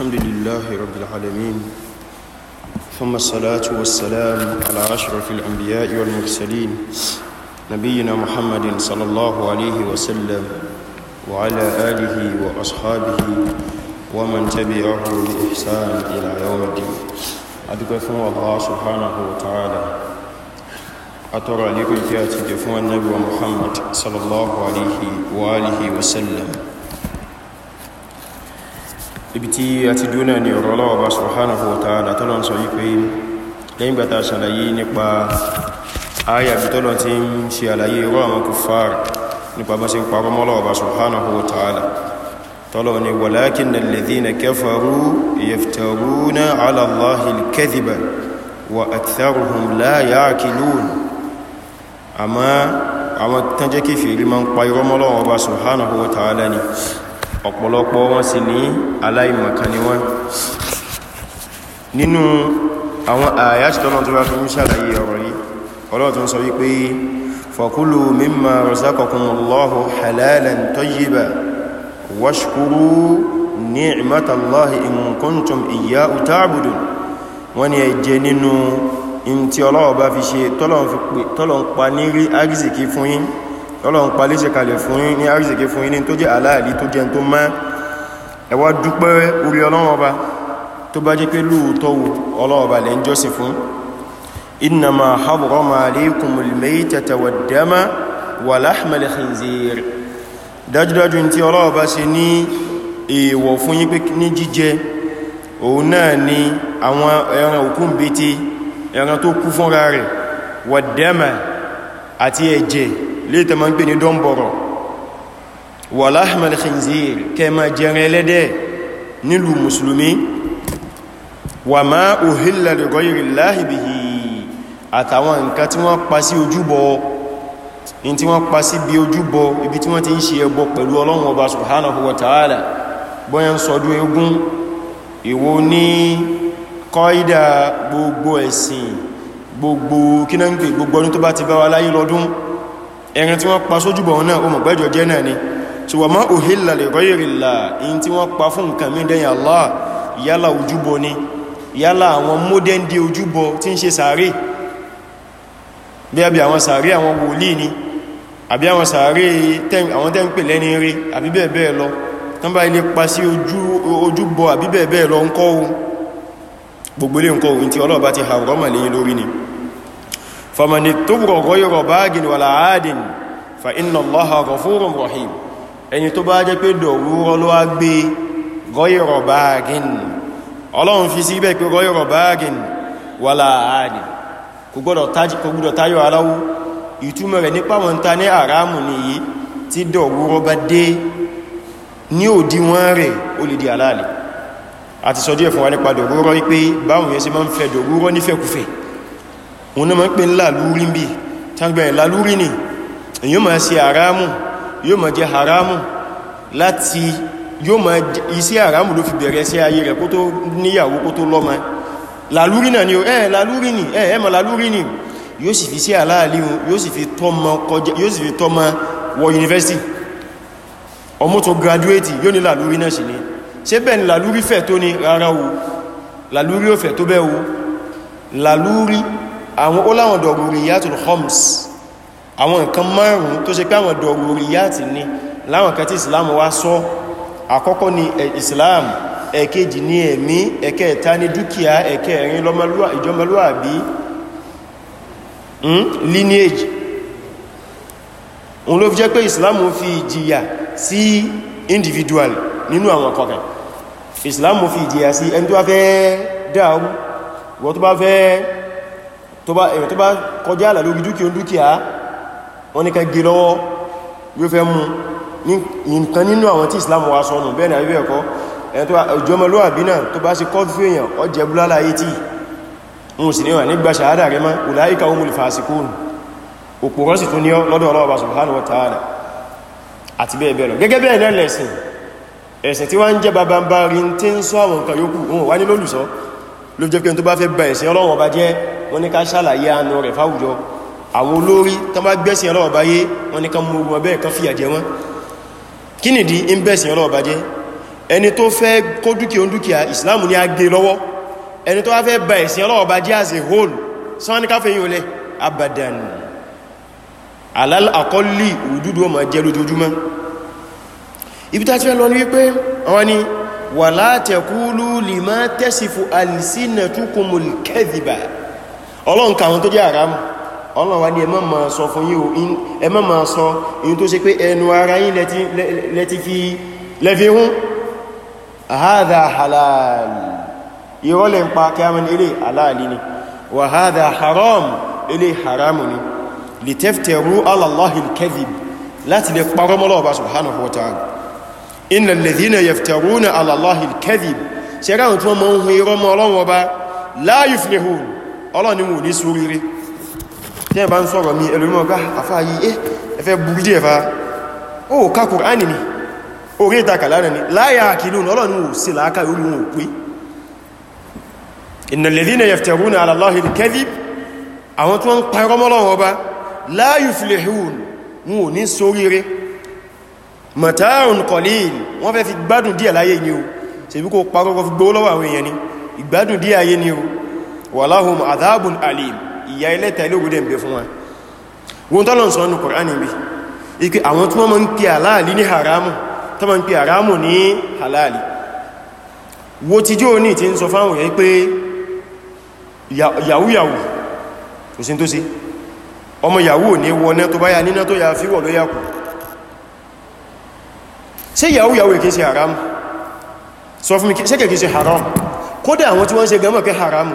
الحمد لله رب العالمين ثم الصلاة والسلام على أشرف الأنبياء والمرسلين نبينا محمد صلى الله عليه وسلم وعلى آله وأصحابه ومن تبعه بإحسان إلى يوم الدين ثم الله سبحانه وتعالى أترى لكم كاتب فوى النبي محمد صلى الله عليه وآله وسلم ibi tí a ti dúnà ní ọ̀rọ̀ lọ́wọ́ bá subhanahu wa ta'ala tọ́lọ̀ ń sọ yí pé lẹ́yìn gbàtà ṣàlàyé nípa ayà bí tọ́lọ̀ ti ń ṣe àlàyé ọ̀rọ̀ àwọn kùfàr nípa bá ṣe ń parọ́ bá subhanahu wa ta'ala ni ọ̀pọ̀lọpọ̀ wọn sì ní aláìmọ̀kan ni wọ́n nínú àwọn àyáṣítọ́nà tó bá fi ń ṣàlàyé ọ̀rọ̀ yìí ọlọ́tún sọ wípé fọ̀kúlù mímọ̀ rọ̀sákọ̀kùnmọ̀lọ́hù halalan tọ́yíbà wáṣkúrú ní ìmọ́tàláhì ìmùkúntùm ìyá utábùdù wọ́n ni ẹjẹ nínú ọlọ́run palé ṣe kalẹ̀ fún yín ní àríṣẹ́gẹ́ fún yín ní tó jẹ́ aláàlì tó jẹ́ tó máa ẹ wá dúpẹ́ orí ọlọ́run ọba tó bá jẹ́ pé lóòótọ́ ọlọ́run ọba lẹ́ ń jọ́sìn fún innama harrama alaykumul maytata waddama wa lahmal khinzir dájúdájú tí ọlọ́run ọba ṣe ní èèwọ̀ fún yín pé àti ẹ̀jẹ̀ léètẹ̀ ma ń pè ní dọ́mbọ̀rọ̀ wà láhàmàlì khinzir kẹma jẹrin ẹlẹ́dẹ̀ nílùú musulmi wà má uhilla li ghayri llahi bihi àtàwọn nǹkan tí wọ́n pa sí ojúbọ in tí wọ́n pa sí bí ojúbọ ibi tí wọ́n ti ń ṣe ẹbọ pẹ̀lú ọlọ́run ọba subhanahu wa ta'ala bọ́yẹn ẹran tí wọ́n pa sójúbọ̀ náà o mọ̀ jẹ́ náà ni so wà má òhìlà lè rọ́yìnrìnlà in tí wọ́n pa fún nǹkan mí dẹ́yìn Allah yálà ojúbọ ni yálà àwọn modern day ojúbọ tí ń ṣe sàárè bí àbí àwọn sàárè àwọn wòlíì ni àbí àwọn sàárè àwọn tẹ́ ń pè lẹ́ni rí àbí bẹ́ẹ̀ bẹ́ẹ̀ lọ tán bá ilé pa sí ojúbọ àbí bẹ́ẹ̀ bẹ́ẹ̀ lọ ń kọ́ ohun gbogbo ilé ń kọ́ ohun tí ọlọ́ọ̀bá ti hàrọ́mà lẹ́yìn lórí ni فمن اضطر غير باغ ولا عاد فإن الله غفور رحيم ẹni tó bá jẹ́ pé dọ̀wúrọ́ ló wá gbé gọ́yọ̀rọ̀ báàgìn ọlọ́run fi sí ibẹ̀ pé gọ́yọ̀rọ̀ báàgìn wà láàáàdì kò gbọ́dọ̀ táyọ̀ aláwú ìtumọ̀ rẹ̀ nípa wọn ta ní àrámù nìyí tí dọ̀wúrọ́ bá dé ní òdiwọ̀n rẹ̀ ó lè di aláàlì àti sọ díẹ̀ fún wa nípa dọ̀wúrọ́ wípé báwọn yẹn sí máa ń fẹ́ dọ̀wúrọ́ nífẹ̀kúfẹ̀ẹ́ òun náà ma ń pè ní lálúrí bí tàgbẹ̀rẹ̀ lálúrí ni yóò ma ṣe haramu yóò ma jẹ haramu láti yóò ma iṣẹ́ haramu ló fi bẹ̀rẹ̀ sí ayé rẹ̀ kó tó níyàwó kó tó lọ́mọ lálúrí náà ni ẹ̀ lálúrí ni ẹ̀ ma lálúrí ni yóò sì fi sí aláàlì yóò sì fi tọ́mọ wọ yunifásitì ọmọ tó graduate yóò ní lálúrí náà sì ni ṣe bẹ́ẹ̀ ni lálúrí fẹ̀ tó ni rárá o lálúrí ò fẹ̀ tó bẹ́ẹ̀ o lálúrí àwọn ó láwọn dọ̀rùrìyàtùl homs àwọn nǹkan márùn-ún tó ṣe pé àwọn dọ̀rùrìyàtì ni láwọn kan tí islam wá sọ àkọ́kọ́ ni islam ẹ̀kejì ní ẹ̀mí ẹ̀kẹta ní dúkìá ẹ̀kẹrin ìjọmọlúwàbí hmm? lineage òun ló fi jẹ́ pé islam fi ìjìyà sí individual nínú àwọn kọ̀ọ̀kan islam fi ìjìyà sí ẹni tó bá fẹ́ dáa wọ́n tó bá fẹ́ tó bá èyàn tó bá kọjá àlà lórí dúkìá dúkìá wọ́n ní ká gé lọ́wọ́ yóò fẹ́ mú nǹkan nínú àwọn tí Islam wá sọ́nù bẹ́ẹ̀ ni àbíbẹ̀ ẹ̀kọ́ ẹ̀yàn tó ìjọmọlúwàbí náà tó bá ṣe kọ́dù fún èyàn ọ jẹ búlálà ayé tí wọn sì níwà nígbà ṣàádà rẹ mọ́ ulaika humul fasiqun òpòrọ́ sì tún ní lọ́dọ̀ Ọlọ́run subhanahu wa ta'ala àti bẹ́ẹ̀ bẹ́ẹ̀ lọ gẹ́gẹ́ bẹ́ẹ̀ náà lẹ̀sìn ẹ̀sìn tí wọ́n ń jẹ́ babambarin tí ń sọ àwọn nǹkan yókù wọn wá ní lólùsọ ló jẹ́ pé tó bá fẹ́ ba ẹ̀sìn Ọlọ́run ọba jẹ́ wọ́n ní ká ṣàlàyé àánú rẹ̀ fáwùjọ àwọn olórí tán bá gbẹ́sìn ọlọ́wọ́ báyé wọ́n ní ká mú ogun ọbẹ̀ kan fìyà jẹ kí nìdí ń bẹ̀sìn ọlọ́wọ́ jẹ́ ẹni tó fẹ́ kó dúkìá dúkìá ìsìláàmù ní agbe lọ́wọ́ ẹni tó fẹ́ ba ẹ̀sìn ọlọ́wọ́ jẹ́ as a whole sọ́wọ́n ní ká fẹ́ yín olẹ́ abadan alal akọ́lì òdúdó ọmọ jẹ́ lójoojúmọ́ ibi tá ti fẹ́ ọlọ́run ka àwọn tó jẹ́ àrámù ọlọ́run wá ní ẹ má máa sọ fún yín o ẹ má máa sọ in tó ṣe pé ẹnu ara yín lẹ́ti fi lẹ́fi hún hadha halal ìrọ́lẹ̀ ń pa kí a mọ́ ilé aláàlì ni wà hadha haram ilé haramu ni lè tẹ́fẹ̀rú ala Allahi al láti lè parọ́ mọ́ Ọlọ́run subhanahu wa ta'ala innal ladhina yaftaruna ala Allahi al ọlọ́run ni wọ́n ní sóríire tí ẹ bá ń sọ̀rọ̀ mi ẹlòmíọ̀ gbá ah, àfáàyí eh, ẹ ẹfẹ́ burú díẹ̀ fa ó ká kùránì ni orí ìtakà lánàá ni láyà àkìlún ọlọ́run ò sí làákà orí wọn ò pé innal ladhina yaftaruna ala Allahi al-kadhib àwọn tó ń parọ́ mọ́ Ọlọ́run ọba la yuflihun wọn ìgbádùn díẹ̀ ayé ni o wàláhùn àdábùn alim ìyà ilẹ́ta ilé ògùdẹ̀ ń bẹ fún wa wọn tọ́lọ̀ ń sọ nínú Kùránì bí ike àwọn tí wọ́n mọ́ ń pè àláàlì ní haramu tó mọ́ ń pè haramu ní halali wo ti jó ní ti ń sọ fáwọn yẹ pé yàwúyàwú kò sí tó sí ọmọ yàwú ò àwọn tí wọ́n ṣe gẹ́mọ̀ kẹ́ haramu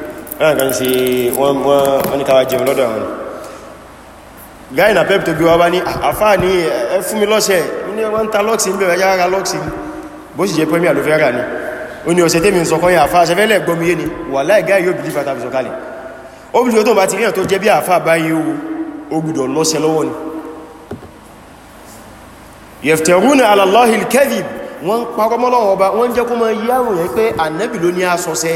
náà kan sí wọ́n ní káwà jẹun lọ́dọ̀ àwọn gáì na pep tó gbé wá bá ní ah, àfáà ní ẹ fún mi lọ́sẹ̀ ní wọ́n ń ta lọ́ọ̀sì ń bẹ̀rẹ̀ yára lọ́ọ̀sì bó sì jẹ́ premier ló fẹ́ rà ní ó ní ọ̀sẹ̀ tẹ́mi ń sọ kọ́yìn àfáà ṣẹfẹ́ lẹ̀ gbọ́mi yé ni wà láì gáì yóò bìlífà tàbí sọ̀kalẹ̀ ó bí tó bá ti ríyàn tó jẹ́ bí àfáà báyìí ó gbùdọ̀ lọ́sẹ̀ lọ́wọ́ ni yẹ̀ftẹ̀rúnà alàlọ́hìl kẹ́dìb wọ́n parọ́mọ́lọ́wọ́ ọba wọ́n jẹ́ kó mọ́ yáwò yẹn pé ànẹ́bì ló ní asọ́sẹ́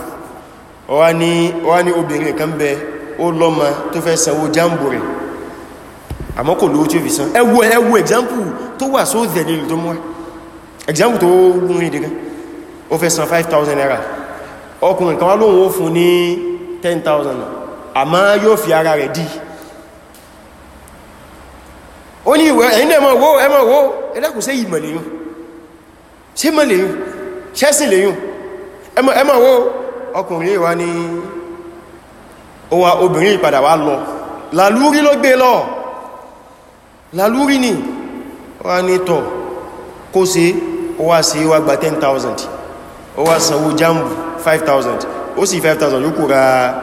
wá ní wá ni obìnrin kan bẹ ó tó fẹ́ sanwó jambo rẹ̀ àmọ́ kò lówó tí fi san ẹwọ ẹwọ example tó wà só zẹ̀lẹ̀ tó mọ́ example tó gúnrin dìgan o fẹ́ san 5,000 naira ọkùnrin kan wá lóhun fún ní 10,000 yóò fi ara rẹ̀ dí le wo. ọkùnrin wa ní ó wá obìnrin ìpadà wá lọ làlúrí ló gbé lọ làlúrí ni wá ní tọ̀ kó se ó wá sí wá gba 10,000 ó wá sanwó jambu 5,000 ó sì 5,000 yóò kó ra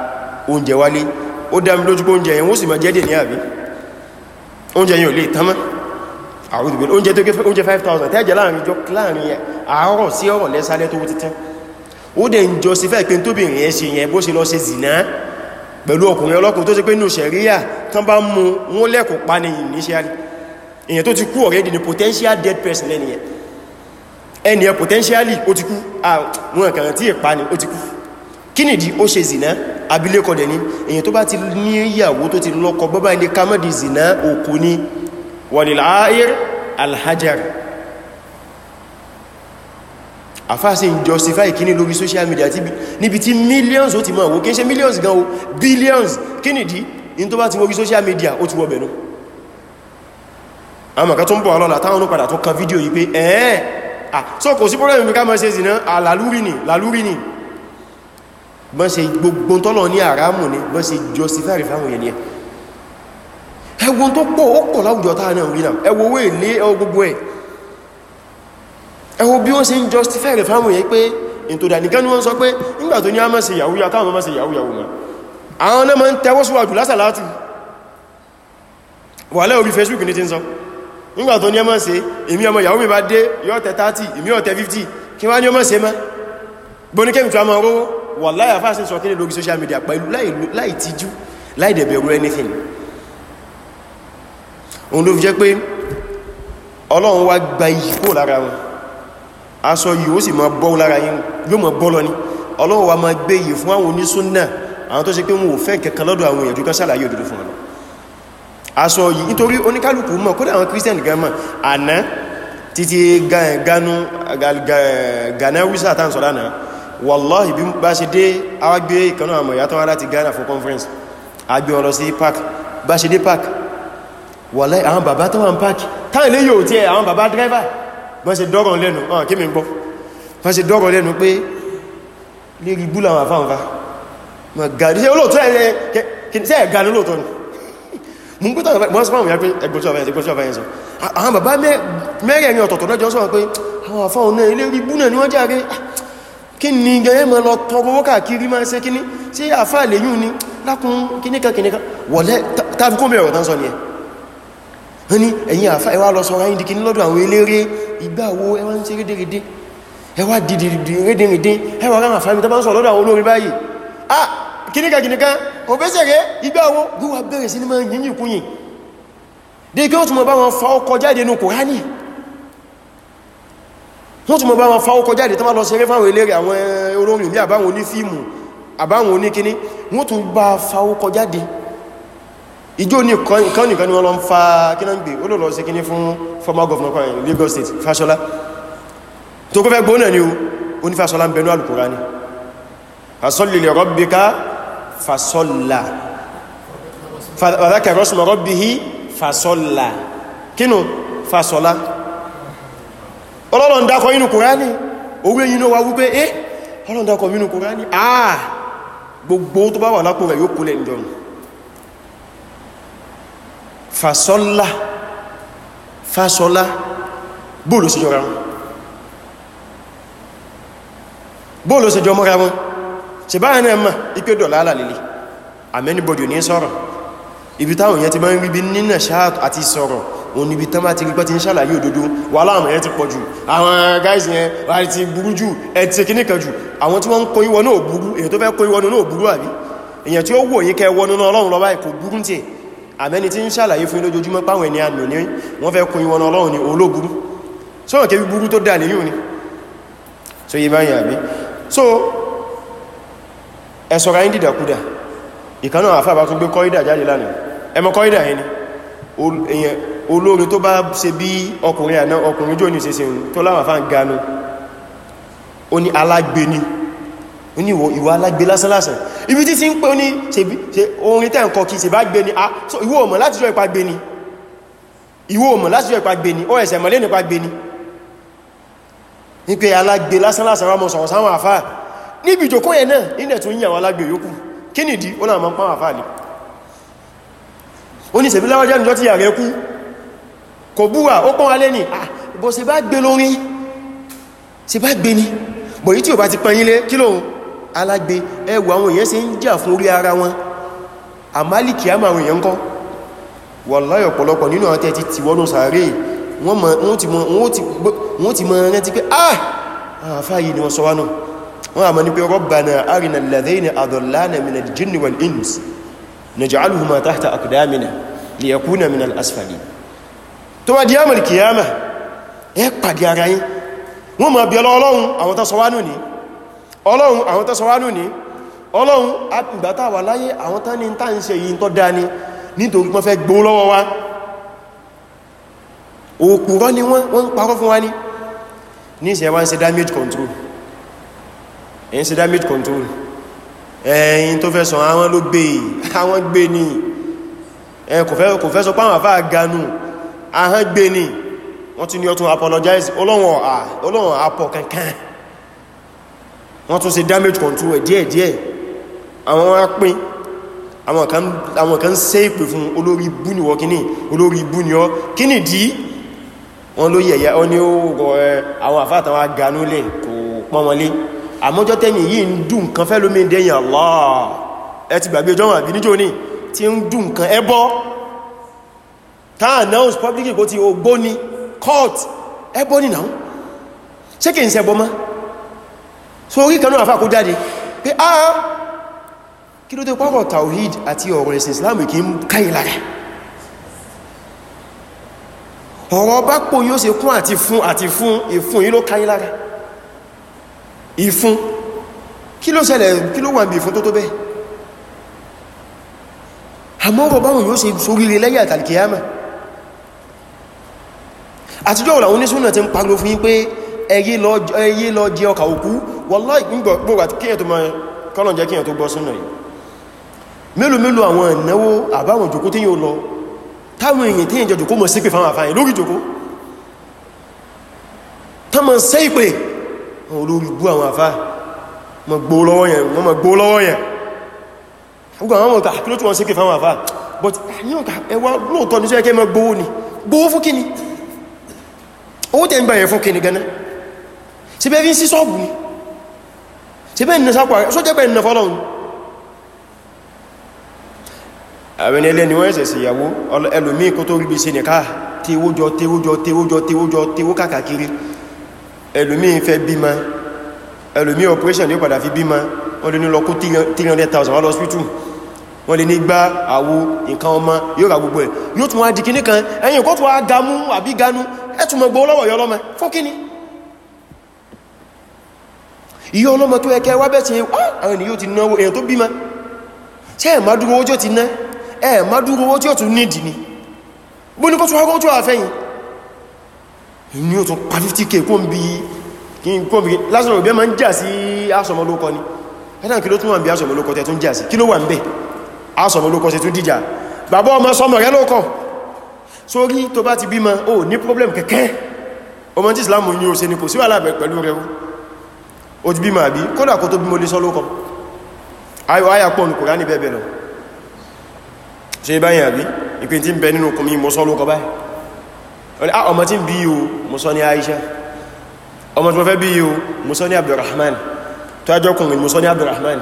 oúnjẹ wálé ó dá mi lójú pé oúnjẹ yẹn wọ́n sì máa jẹ́dẹ̀ ní àbí oúnjẹ yẹn ò lè tán mọ́ àwọn òdìbò oúnjẹ tó gé oúnjẹ 5,000 tẹ́jẹ̀ láàrin ìjọ láàrin àárọ̀ sí ọ̀rọ̀ lẹ́sálẹ́ tó wó títán ó dẹ̀ ń jọ sí fẹ́ pé tóbìnrin yẹn ṣe yẹn bó ṣe lọ ṣe zìnà pẹ̀lú ọkùnrin ọlọ́kùnrin tó ṣe pé nù ṣẹ̀ríyà tán bá mú wọn lẹ́kùn pa ní initially èyàn tó ti kú already ni potential dead person lẹ́ni yẹn potentially ó ti kú àwọn ẹ̀kàràn tí ìpa ni ó ti kú kí nìdí ó ṣe zìnà abilékọ dẹ̀ ni èyàn tó bá ti ní ìyàwó tó ti lọ́kọ bọ́bá ilé kámọ́dì zìnà òkú ni wọ̀nìláàír alhajar àfáàsí ń justify kíní lórí social media níbi tí millions ó ti mọ̀ wò kí n ṣe millions gan o billions kí nìdí in tó bá ti wọ́n bí social media ó ti wọ́ bẹ̀nu àwọn àkà tó ń bọ̀ ọlọ́la táwọn onípadà tó kan fídíò yìí pé ẹ̀ẹ́ à so kò sí problem mi ká mọ́ ṣe zìnà àlàlúrí ni làlúrí ni bọ́n ṣe gbogbo tọ́lọ̀ ní àrámù ni bọ́n ṣe justify fáwọn ènìyàn ẹwọ́n tó pọ̀ ó pọ̀ láwùjọ táà náà rí náà ẹwọ́ owó èlé ẹwọ́ gbogbo ẹ̀ ẹwọ bí wọ́n ṣe ń justify rẹ̀ fáwọn yẹ pé ìtòdà nìkan ni wọ́n sọ pé nígbà tó ní a máa ṣe yàwó yà káwọn máa ṣe yàwó yàwó ma àwọn náà máa ń tẹwọ́ síwájú lásàlátì wà lẹ́ orí Facebook ní ti ń sọ nígbà tó ní a máa ṣe èmi ọmọ yàwó mi bá dé yóò tẹ 30 èmi ọ̀tẹ 50 kí wá ní ọmọ ṣe má boníkẹ́mi tó a máa rówó wà láyà fásitì sọ kí ní lórí social media pẹ̀lú láì tijú láì dẹ̀bẹ̀rú anything òun ló fi jẹ́ pé ọlọ́run wá gba iyì kó lára wọn aṣọ yìí ó sì máa bọ́ lára yín yóò máa bọ́ lọ ní ọlọ́run wa máa gbé yìí fún àwọn onísúnnà àwọn tó ṣe pé wọn ò fẹ́ kankan lọ́dọ̀ àwọn èèyàn dúkọ́ sàlàyé òdodo fún wọn aṣọ yìí nítorí oníkálùkù mọ̀ kódà àwọn christian gan mọ̀ àná títí ganu ganawisa tá ń sọ lánàá wallahi bí bá ṣe dé awágbé ìkanú àmọ̀ ìyàtọ̀ wá láti Ghana for conference agbé ọlọ sí park bá ṣe dé park wallahi àwọn bàbá tó wà ń park táà ilé yóò tí ẹ àwọn bàbá driver wọ́n ṣe dọ́rọ̀ lẹ́nu ọ̀n kí mi gbọ́ wọ́n ṣe dọ́rọ̀ lẹ́nu pé lérí bú làwọn àfáànfà mọ̀ gàdí ṣe olóòtọ́ ẹ̀ ṣe ẹ̀ gàdí olóòtọ́ ni mú gbọ́tọ̀ wọ́n sọ fáwọn yàgbé ẹgbọ́sọ̀ àfáyẹsẹ̀ ẹgbọ́sọ̀ àfáyẹsẹ̀ àwọn bàbá mẹ́rẹ̀ẹ̀rin ọ̀tọ̀tọ̀ náà jọ sọ pé àwọn àfáwọn náà lérí bú náà ni wọ́n járe kí ni gẹ́yẹ́ mọ́ lọ tọrọ owó káàkiri máa ṣe kíní sí àfáà lèyún ni lákùn kíníkan kíníkan wọ̀lẹ́ tàbí kó mẹ́rọ̀ tán sọ ni ẹ̀ wọ́n ní ẹ̀yin àfá ẹwà lọ sọ́rọ̀ ayíndìkì lọ́dọ̀ àwọn eléré ìgbàwó ẹwà ń ṣe rédèrèdè ẹwà dìdìdì rédèrèdè ẹwà ráwọn àfáàmì tó bá ń sọ lọ́dọ̀ àwọn olórin báyìí ah kìníkà kìníkà òbẹ́sẹ̀rẹ́ ìgbàwó gbíwà bẹ̀rẹ̀ sí ní máa yìnyìn kúyìn dé kí wọ́n tún mọ̀ bá wọn fa ọkọ̀ jáde nù kòránì wọ́n tún mọ̀ bá wọn fa ọkọ̀ jáde tó bá lọ ṣeré fáwọn eléré ìjó ní nǹkan nìkan ni wọ́n lọ ń fa kíná ń gbé ó lò lọ sí kíní fún former governor kan Lagos State Fáṣọlá tó kó fẹ́ gbóná ni o ó ní Fáṣọlá ń bẹnu Al-Kùránì fasolli li rabbika fasolla fàdákà rọ́sùmọ̀ rabbihi fasolla kínú fasola ọlọ́run dákọ̀ inú Kùránì owó èyí náà wá wípé eh ọlọ́run dákọ̀ inú Kùránì ah gbogbo tó bá wà lápò rẹ̀ yóò kúlẹ̀ ìjọrùn fasọ́lá fasọ́lá bóòlù sí jọra wọn bóòlù sí jọ mọ́ra wọn ṣe báyẹ̀ náà mọ̀ ipé dọ̀lá lè àmẹ́nibọ̀dì ní sọ̀rọ̀ ibi táwọn èèyàn ti máa ń rí bí nínà ṣáàtù àti sọ̀rọ̀ òun ibi tán bá ti rí pẹ́ ti ń ṣàlàyé òdodo wà láàmù ẹ̀ ti pọ̀ jù àwọn gáìsì yẹn wà ti burú jù ẹ̀ ti kí nìkan jù àwọn tí wọ́n ń kó ìwọ náà burú èyàn tó fẹ́ kó ìwọ náà burú àbí èyàn tí ó wò yí kẹ wọnú náà ọlọ́run lọ báyìí burú tiẹ̀ àmẹ́ni tí ń ṣàlàyé fún ilójoojúmọ́ páwọn ẹni àmì ní wọ́n fẹ́ kún ìwọ̀n ọlọ́run ní olóburú sọ́rọ̀ kébí burú tó dà níyùn ni so yí báyìí àbí so ẹ̀sọ̀ra yí dìdàkúdà ìkanáà àfàbà tó gbé kọ́ídà jáde lánàá ẹmọ kọ́ídà yẹn ni olórin tó bá ṣe bí ọkùnrin àná ọkùnrin ganu ó ní alágbéni oní ìwà alágbé lásánlásán ibi tí ti ń pé oní orin tẹ́ ǹkan kí ṣe bá gbé ni a so ìwọ ọmọ láti jọ ipa gbé ni ìwọ ọmọ láti jọ ipa gbé ni ó ẹ̀sẹ̀ mọ̀lé nípa gbé ni ní pé alágbé lásánlásán wọ́n sọ̀rọ̀ sáwọn àfáà ni ó ní ṣèbí láwájá níjọ́ tí yàrá ẹkú kò búwà ó pọ́n alẹ́ ah, ni bọ̀ ṣe bá gbé lórí ṣe bá gbé ni bọ̀ yí tí ò bá ti alágbe ẹwà àwọn èèyàn ṣe ń jà fún orí ara wọn àmálìkì àmà àwọn èèyàn kọ́ wàláhì ọ̀pọ̀lọpọ̀ nínú àwọn tẹ́ ti ti wọ́nú sàárè wọ́n ti mọ̀ rántí pé ah! àfáyí ni wọ́n sọ wánú wọ́n àmà ní pé rabbana arina alladhayni adallana minal jinni wal ins naj'aluhuma tahta aqdamina liyakuna minal asfalin tó wá di àmàlìkì àmà ẹ pàdé ara yín wọ́n mọ̀ bí ọlọ́ọ̀lọ́run àwọn tó sọ wánú ni ọlọ́run àwọn tó sọwá lónìí ọlọ́run àtìgbàtà wà láyé àwọn tán ní ń tàn ṣe yìí tó dání nítorí pọ́n fẹ́ gbó lọ́wọ́ wa òkúrọ́ ni wọ́n ń parọ́ fún wa ní ní ń ṣe damage control ẹ̀yìn ṣe damage control ẹ̀yìn tó fẹ́ sọ àwọn ló gbé e, àwọn gbé ní ẹ̀ kò fẹ́ sọ páwọn àfáà ganú àwọn gbé ọlọ́run àpọ̀ kankan wọ́n tún ṣe damage control ẹ̀ díẹ̀ díẹ̀ àwọn wá pín àwọn kan ṣe ìpè fún olórí ibú ni wọ́n kíní olórí ibú ni ọ́ kíní dí wọ́n ló yẹ̀yẹ́ ọ́ ní àwọn àfáàtàwà ganú lè kò pọ́n wọlé àmọ́jọ́ tẹ́ni yìí ń dùn kan fẹ́ lómi dẹ́yìn Allah ẹ ti gbàgbé ọjọ́ wọn àbí níjò ní tí ń dùn kan ẹbọ́ ta announce public kò ti ogbóni court ẹbọ́ nìyàwó ṣé kì í ṣẹbọ́ máa so orí kanú àfà kó jáde pé ah kí ló tẹ́ pọ́rọ̀ tawhid àti ọ̀rọ̀ ẹ̀sìn islam kí ń káyì lára ọ̀rọ̀ bá pò yóò ṣe kún àti fún àti fún ìfún yí ló káyì lára ìfún kí ló ṣẹlẹ̀ kí ló wà ní ìfún tó tó bẹ́ẹ̀ àmọ́rọ̀ báwọn yóò ṣe sóríire lẹ́yìn àtàlìkìyàmà àtijọ́ òlàwọn oníṣúnà ti ń pariwo fún yí pé ẹyí lọ jẹ ọkà òkú wallahi gbogbo kíyàn tó máa kọ́lọ̀ jẹ́ kíyàn tó gbọ́ súnà yìí mélòó mélòó àwọn ìnáwó àbáwọn jòkó tí yóò lọ táwọn èèyàn tí yẹn jẹ jòkó mọ̀ sí pé fáwọn àfáyìn lórí jòkó tá mọ̀ sẹ́ ìpè olórí bú àwọn àfá mọ̀ gbó lọ́wọ́ yẹn mọ̀ gbó lọ́wọ́ yẹn owó tẹ́ ń gbà yẹn ṣe bẹ́ fi ń sí sọ́ọ̀bù ni ṣe bẹ́ ìnà sápò àrẹ sójẹ́ pẹ́ ìnà fọ́lọ́run àwọn ẹlẹ́ni wọ́n ẹ̀sẹ̀ sí ìyàwó ẹlòmíì kó tó rí bí ṣe nìká tewójọ tewójọ tewójọ tewójọ tewó kàkàkiri ẹlòmíì fẹ́ bímọ ẹlòmíì operation ní padà fi bímọ wọ́n lè ní lọ kó 300,000 wọ́n lọ hospital wọ́n lè ní gbá àwo nǹkan ọmọ yóò ra gbogbo ẹ̀ yóò tún wá di kíní kan ẹ̀yìn kó tún wá gamú àbí ganú ẹ̀tùmọ̀ gbọ́ lọ́wọ́ yọ lọ́mọ fún kíní ìyọ́ ọlọ́mọ tó ẹkẹ́ wábẹ́ ti àwọn ènìyàn ti náwó èyàn tó bímọ ṣe ẹ̀má dúró owó tí ó ti ná ẹ̀má dúró owó tí ó tún nídìí ni bó ní kó tún wákó tún àfẹ́yìn ní ó tún pa 50k kó ń bí kí lásán òbí ma ń jà sí asọmọlókọ ni ẹ̀nà kí ló tún wà ń bí asọmọlókọ tẹ̀ tún jà sí kí ló wà ń bẹ̀ asọmọlókọ tẹ̀ tún dìjà bàbá ọmọ sọmọ rẹ lókọ sórí tó bá ti bímọ ó ní problem kẹ̀kẹ́ ọmọ tí Islam ní ó ṣe ni kò sí wà lábẹ̀ pẹ̀lú rẹ̀ ó ti bímọ àbí kódà kó tó bímọ lé sọ lókọ ayọ̀ ayà pọ̀ nù Kùránì bẹ́ẹ̀bẹ̀ lọ ṣe báyìí àbí ìpín tí ń bẹ nínú kùnmí mọ́sọ́ lókọ báyìí ah, ọmọ tí ń bí o mọ́sọ́ ní Aisha ọmọ tí wọ́n fẹ́ bí o mọ́sọ́ ní Abdurrahman tó ajọ́ kùnrin mọ́sọ́ ní Abdurrahman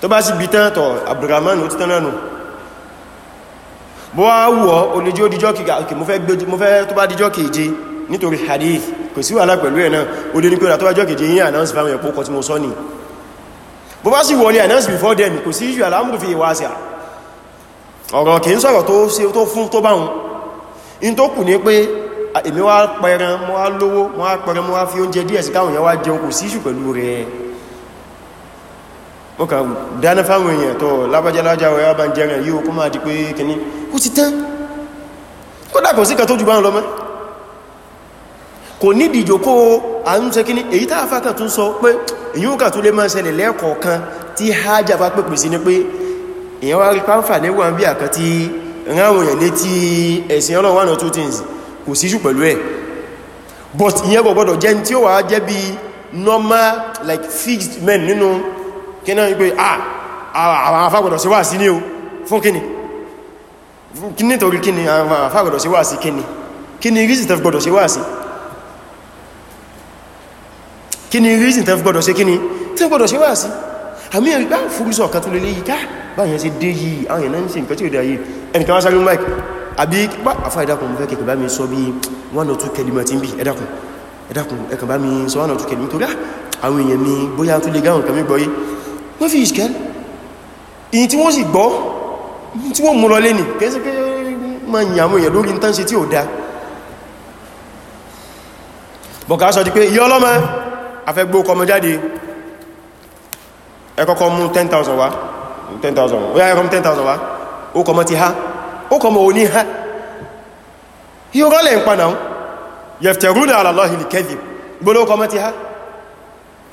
tó bá sì bí tán tọ̀ Abdurrahman ó ti tán nánu bó wá wù ọ́ olèjì ó dijọ́ kìkà mo fẹ́ tó bá dijọ́ kìí nítorí hadith kò sí wàhálà pẹ̀lú ẹ̀ náà ó lè ní pé àtọ́wà jọ́ kejì yín announce fáwọn ẹ̀pọ̀ kọ tí mo sọ ni bó bá sì wọlé announce before them kò sí ìṣù aláàmù fi wá sí à ọ̀rọ̀ kì í sọ̀rọ̀ tó ṣe tó fún tó báhun in tó kù ní pé èmi wá pẹran mo wá lówó mo wá pẹran mo wá fi oúnjẹ díẹ̀ sí káwọn yẹn wá jẹun kò sí ìṣù pẹ̀lú rẹ̀ mo kà dáná fáwọn èèyàn tó lábájálájá ọ̀rẹ́ wá bá ń jẹran yìí ó kó máa sí kan tó jù bá ń lọ mọ́ kò nídi ìjòkó àánúsẹ́kíní èyí tàà fà kàn tún sọ pé èyíò kà tún lè máa ṣẹlẹ̀ lẹ́ẹ̀kọ̀ọ̀kan tí hajjá bá pèpè sí ni pé èyàn wá rí pàǹfà ní wà bí àkà tí ráwọn èyàn létí ẹ̀sìn ọlọ́run two things kò síṣù pẹ̀lú ẹ̀ but ìyẹn gbọ́dọ̀ jẹ́ tí ó wà jẹ́ bí normal like fixed men nínú kíná wípé àwọn afágbọ̀dọ̀ sí wà sí ní o fún kíni kíni torí kíni àwọn afágbọ̀dọ̀ sí wà sí kíni kíni reason tẹ́f gbọ́dọ̀ sí wà sí kí ni reason tẹ́ fi gbọ́dọ̀ ṣe kí ni tẹ́ gbọ́dọ̀ ṣe wá sí àmì ìgbà fúrúsọ̀ kan tó lè léyìí ká báyẹn ṣe dé yìí àwọn èèyàn ń ṣe nǹkan tí ó dá yìí ẹnìkan wá mike àbí bá àfá ìdákùn mú fẹ́ kẹ̀kẹ̀ one or two kẹlìmọ̀ tí ń bí ẹ̀dàkùn ẹ̀dàkùn ẹ̀kàn bá one or two kẹlìmọ̀ torí ah, àwọn èèyàn mi bóyá tó lè gáwọn kan mi gbọ́ yìí wọ́n fi ìṣkẹ́ ìyìn tí wọ́n sì gbọ́ tí wọ́n mú lọ lé nì kẹ́sí pé ma ń yàmú èèyàn afẹ́gbó kọmọ jáde ẹkọ́kọ́ mú 10,000 wá 10,000 wá ẹkọ́ mú 10,000 wá ó kọmọ ti ha ó kọmọ ò ní ha yíò rọ́lẹ̀ ń padà yaftaruna ala Allahi al-kadhib gbọ́lọ́ ó kọmọ ti ha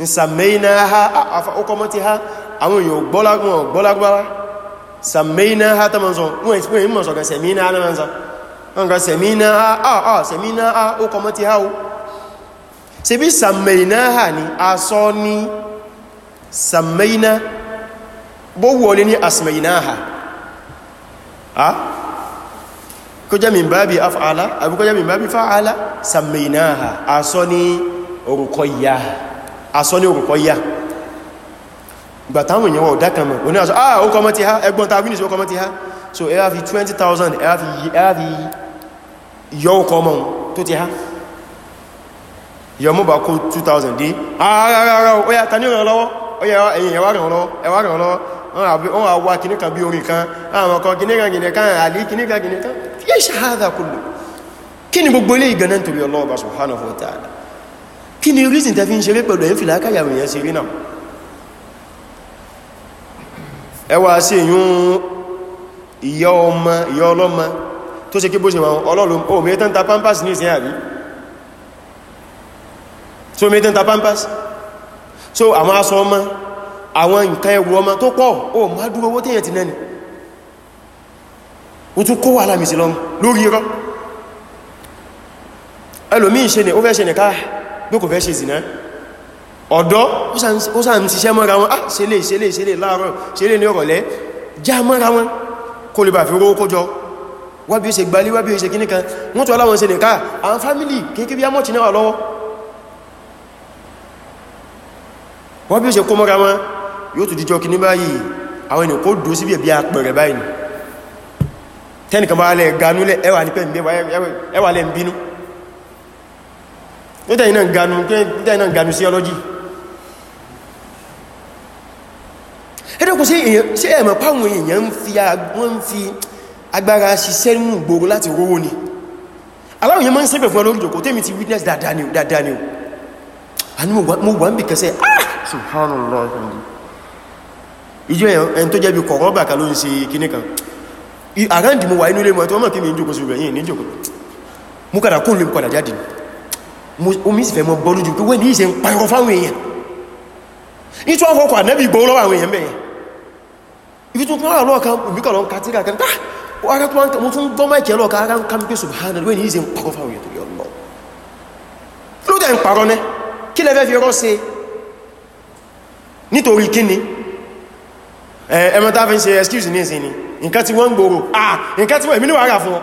ń sàmẹ́ná ha ó kọmọ ti ha àwọn èèyàn gbọ́lágbọ́lá sàmẹ́ná ha tó mọ́ sọ wọ́n èyí mọ́ sọ ṣe bí sàmẹ́ìnáhà ni a sọ ní sàmẹ́ìná bó wọlé ní asmẹ́ìnáhà ha kó jẹ́ mi bá bí af'ala àbí kó jẹ́ mi bá bí fa'ala sàmẹ́ìnáhà a sọ ní orúkọ yá a sọ ní orúkọ yá gbàtàwọn èèyàn wọ̀ dákan mọ̀ oní àṣọ ah ó kọmọ ti ha ẹgbọ́n ta wínìsí ó kọmọ ti ha so ẹ yọmú bá kó 2000 dín ààrẹ ó yá tani ràn lọ́wọ́ ó yá ẹ̀yìn ẹ̀wà ràn lọ́wọ́ ẹ̀wà ràn lọ́wọ́ wọ́n á wá kan bí orin kan àwọn kan kìíní kan kìíní kan àlè kìíní kan kìíní kan yẹ́ ṣe hádà kúlù kí ni gbogbo ilé ìgbẹ̀nà nítorí ọlọ́ọ̀bá subhanahu wa ta'ala kí ni reason tẹ́ fi ń ṣeré pẹ̀lú ẹ̀yìn fìlàkàyàwó yẹn ṣeré náà ẹwà sí èyún ìyá ọmọ ìyá ọlọ́mọ tó ṣe kí bó ṣe wọn ọlọ́lùm ó mẹ́tẹ́ntà pampers ní ìsìn àbí tí ó mẹ́tẹ́ ta pampers so àwọn aṣọ ọmọ àwọn nǹkan ẹwù ọmọ tó pọ̀ o má dúró owó tẹ́yẹ̀ ti nẹ́ni o tún kó wà lámìsí lọ lórí irọ́ ẹlòmí ṣe ní ó fẹ́ ṣe ní káà bí kò fẹ́ ṣe zìnà ọ̀dọ́ ó sàn ṣiṣẹ́ mọ́ra wọn ah ṣe lè ṣe lè ṣe lè láàárọ̀ ṣe lè ní ọ̀rọ̀lẹ́ já mọ́ra wọn kó lè bà fi rówó kójọ wábí ó ṣe gbalí wábí ó ṣe kíníkan wọ́n tó aláwọn ṣe ní káà àwọn fámílì kéèké bí á mọ́ wọ́n bí ó ṣe kó mọ́ra wọn yóò tó díjọ́ kìní báyìí àwọn ènìyàn kó dúó síbí ẹ̀bí apẹ̀rẹ̀ báyìí tẹ́nìkan bá lẹ̀ ganú lẹ̀ ẹwà ní pẹ̀lú ẹwà lẹ̀ ń bínú nítẹ̀yìn náà ganú sí ọlọ́jì ẹ̀dọ́kùn sí ẹ̀mọ̀ páwọn èèyàn ń fi agbára ṣiṣẹ́ nínú ìgboro láti rówó ni aláwọ̀ yẹn máa ń sẹ́pẹ̀ fún ọlọ́rìjòkó tẹ́mi ti witness dáadáa ni o a ní mo wà ń bìkẹsẹ̀ ah subhanallah ìjọ ẹn tó jẹ́ bí kọ̀rọ̀bà kan ló ń ṣe kíní kan àráǹdì mo wà inú ilé mọ̀ tí wọ́n mọ̀ kí mi ń jókòó sí ìrẹ̀yìn ní jókòó mú kàdà kún lè padà jáde omi sì fẹ́ mọ́ bọ́ lójú pé wẹ́n ní ìṣe ń pàrọ fáwọn èèyàn ní tí wọ́n fọ́kọ̀ ànẹ́bì gbọ́ lọ́wọ́ àwọn èèyàn bẹ̀yẹn ibi tó kọ́rọ̀ lọ́ọ̀kan òmíkọ̀ lọ́n katíra kan táà ah! ara tó ń mú tún gbọ́ mẹ́kẹ́ lọ́ọ̀ka ara ń kàmí pé subhanallah wẹ́n ní ìṣe ń pàrọ fáwọn èèyàn tó yọ lọ kí ló dẹ̀ ń pàrọ ní kí lẹ́fẹ́ fi rọ́ se nítorí kíni eh, ẹmọ́ta fi ń ṣe excuse ní ìsinmi nǹkan tí wọ́n gbòrò ah nǹkan tí wọ́n èmi ní wàárà fún ọ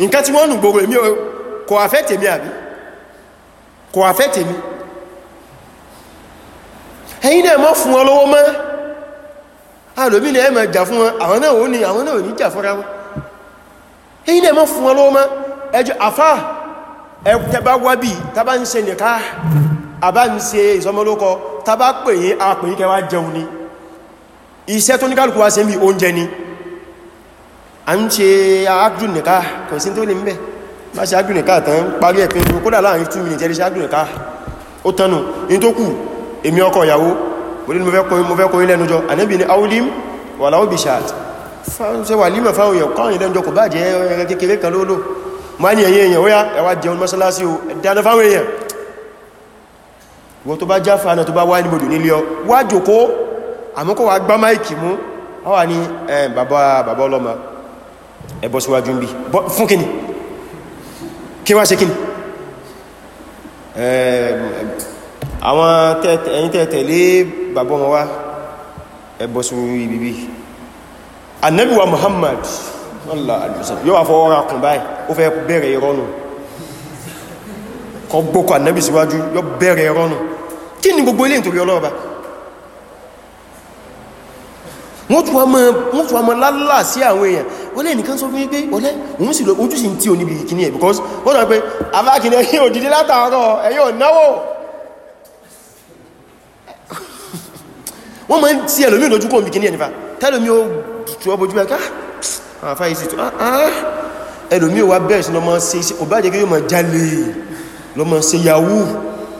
nǹkan tí wọ́n ń gbòrò èmi kò affect èmi àbí kò affect èmi ẹ̀yin náà mọ́ fún ọ lọ́wọ́ mọ́ alòmínà ẹ máa jà fún wọn àwọn náà ò ní jà fúnra wọn ẹ̀yin náà mọ́ fún ọ lọ́wọ́ mọ́ ẹjọ́ àfáà ẹ tẹbá wábì tàbá ń ṣe nìkáà àbá ń ṣe ìsọmọlókọ tàbá pè yí àpè yí kẹwàá jẹun ni iṣẹ́ tó ní kálùkù wá sí mi oúnjẹ ni a ń ṣe agdù nìká kò sí tó ní mẹ́ bá ṣe agdù nìká tán parí ẹ̀pin tó kódà láàrin 2 minutes ẹ̀rí ṣe agdù nìká ó tánù in tó kù èmi ọkọ ìyàwó mo ní mo fẹ́ aulim wà láwọ́ bí ṣáàt ṣe wà límọ̀ fáwọn èèyàn kọrin lẹ́nujọ kò bá jẹ́ eh, kékeré kan lóòlò má ní ẹ̀yìn èèyàn wọ́n tó bá jáfà náà tó bá wá níbòdò nílé ọ wá jòkó àmọ́kọ́ wà gbá máìkì mú wọ́n wà ní bàbá bàbá ọlọ́mà ẹbọ́ síwájú ń bí fún kíni kí wá ṣe kíni àwọn ẹ̀yìn tẹ̀tẹ̀lé bàbá ọmọ wá ẹbọ́ síwájú ibi Ànábì wa Muhammad yóò wà fọwọ́ kọ gbókọ̀ Ànábì yóò bẹ̀rẹ̀ ìrọ́nù kí ni gbogbo ilé nítorí ọlọ́ọ̀bá wọ́n tún wá mọ́ lálà sí àwọn èèyàn wọ́n lè nìkan sọ fún wípé ọlẹ́ òun sì lọ ojú tí o níbi ìkíní ẹ̀ because wọ́n tọ́ pé afákìní ẹ̀yìn òdìdí látàárọ̀ ẹ̀yìn ònáwó wọ́n mọ́ sí ẹlòmí lójú kó ìkíní ẹ̀nìfà tẹ́lòmí ó tù ọ bojú ẹ̀ká ah, ah, àfáìsì tó ah, ẹlòmí ó wá bẹ́ẹ̀ sí lọ́mọ́ sí ọbájẹ́ kí yóò mọ̀ jálè lọ́mọ́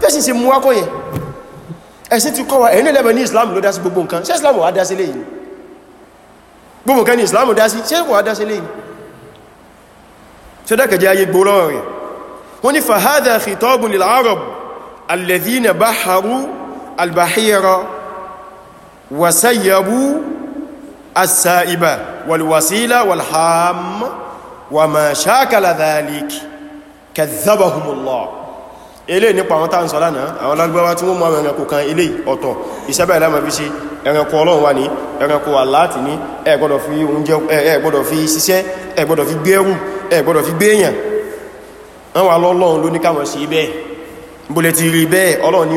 pẹ́sìn ṣe mú wákọ́ yẹn ẹ̀sìn ti kọ́ wa ẹ̀yìn lẹ́bẹ̀ ní islam ló dá sí gbogbo nǹkan ṣé islam wà dá sí léyìn gbogbo nǹkan ní islam dá sí ṣé wà dá sí léyìn ṣe dákẹ̀jẹ́ ayé gbóró rẹ̀ wọ́n ní ilé nípa àwọn tàà ń sọ lánàá àwọn lágbàwá tí wọ́n mọ́ ẹranko kan ilé ọ̀tọ̀ ìṣẹ́bẹ̀ ìlàmà fi ṣe ẹranko ọlọ́run wà ní ẹranko aláàtì ní ẹ gbọ́dọ̀ fi oúnjẹ ẹ gbọ́dọ̀ fi ṣiṣẹ́ ẹ gbọ́dọ̀ fi gbé ẹrù ẹ gbọ́dọ̀ fi gbé èèyàn àwọn alọ́lọ́run ló ní káwọn sí bẹ́ẹ̀ bólẹ̀ ti rí bẹ́ẹ̀ ọlọ́run ní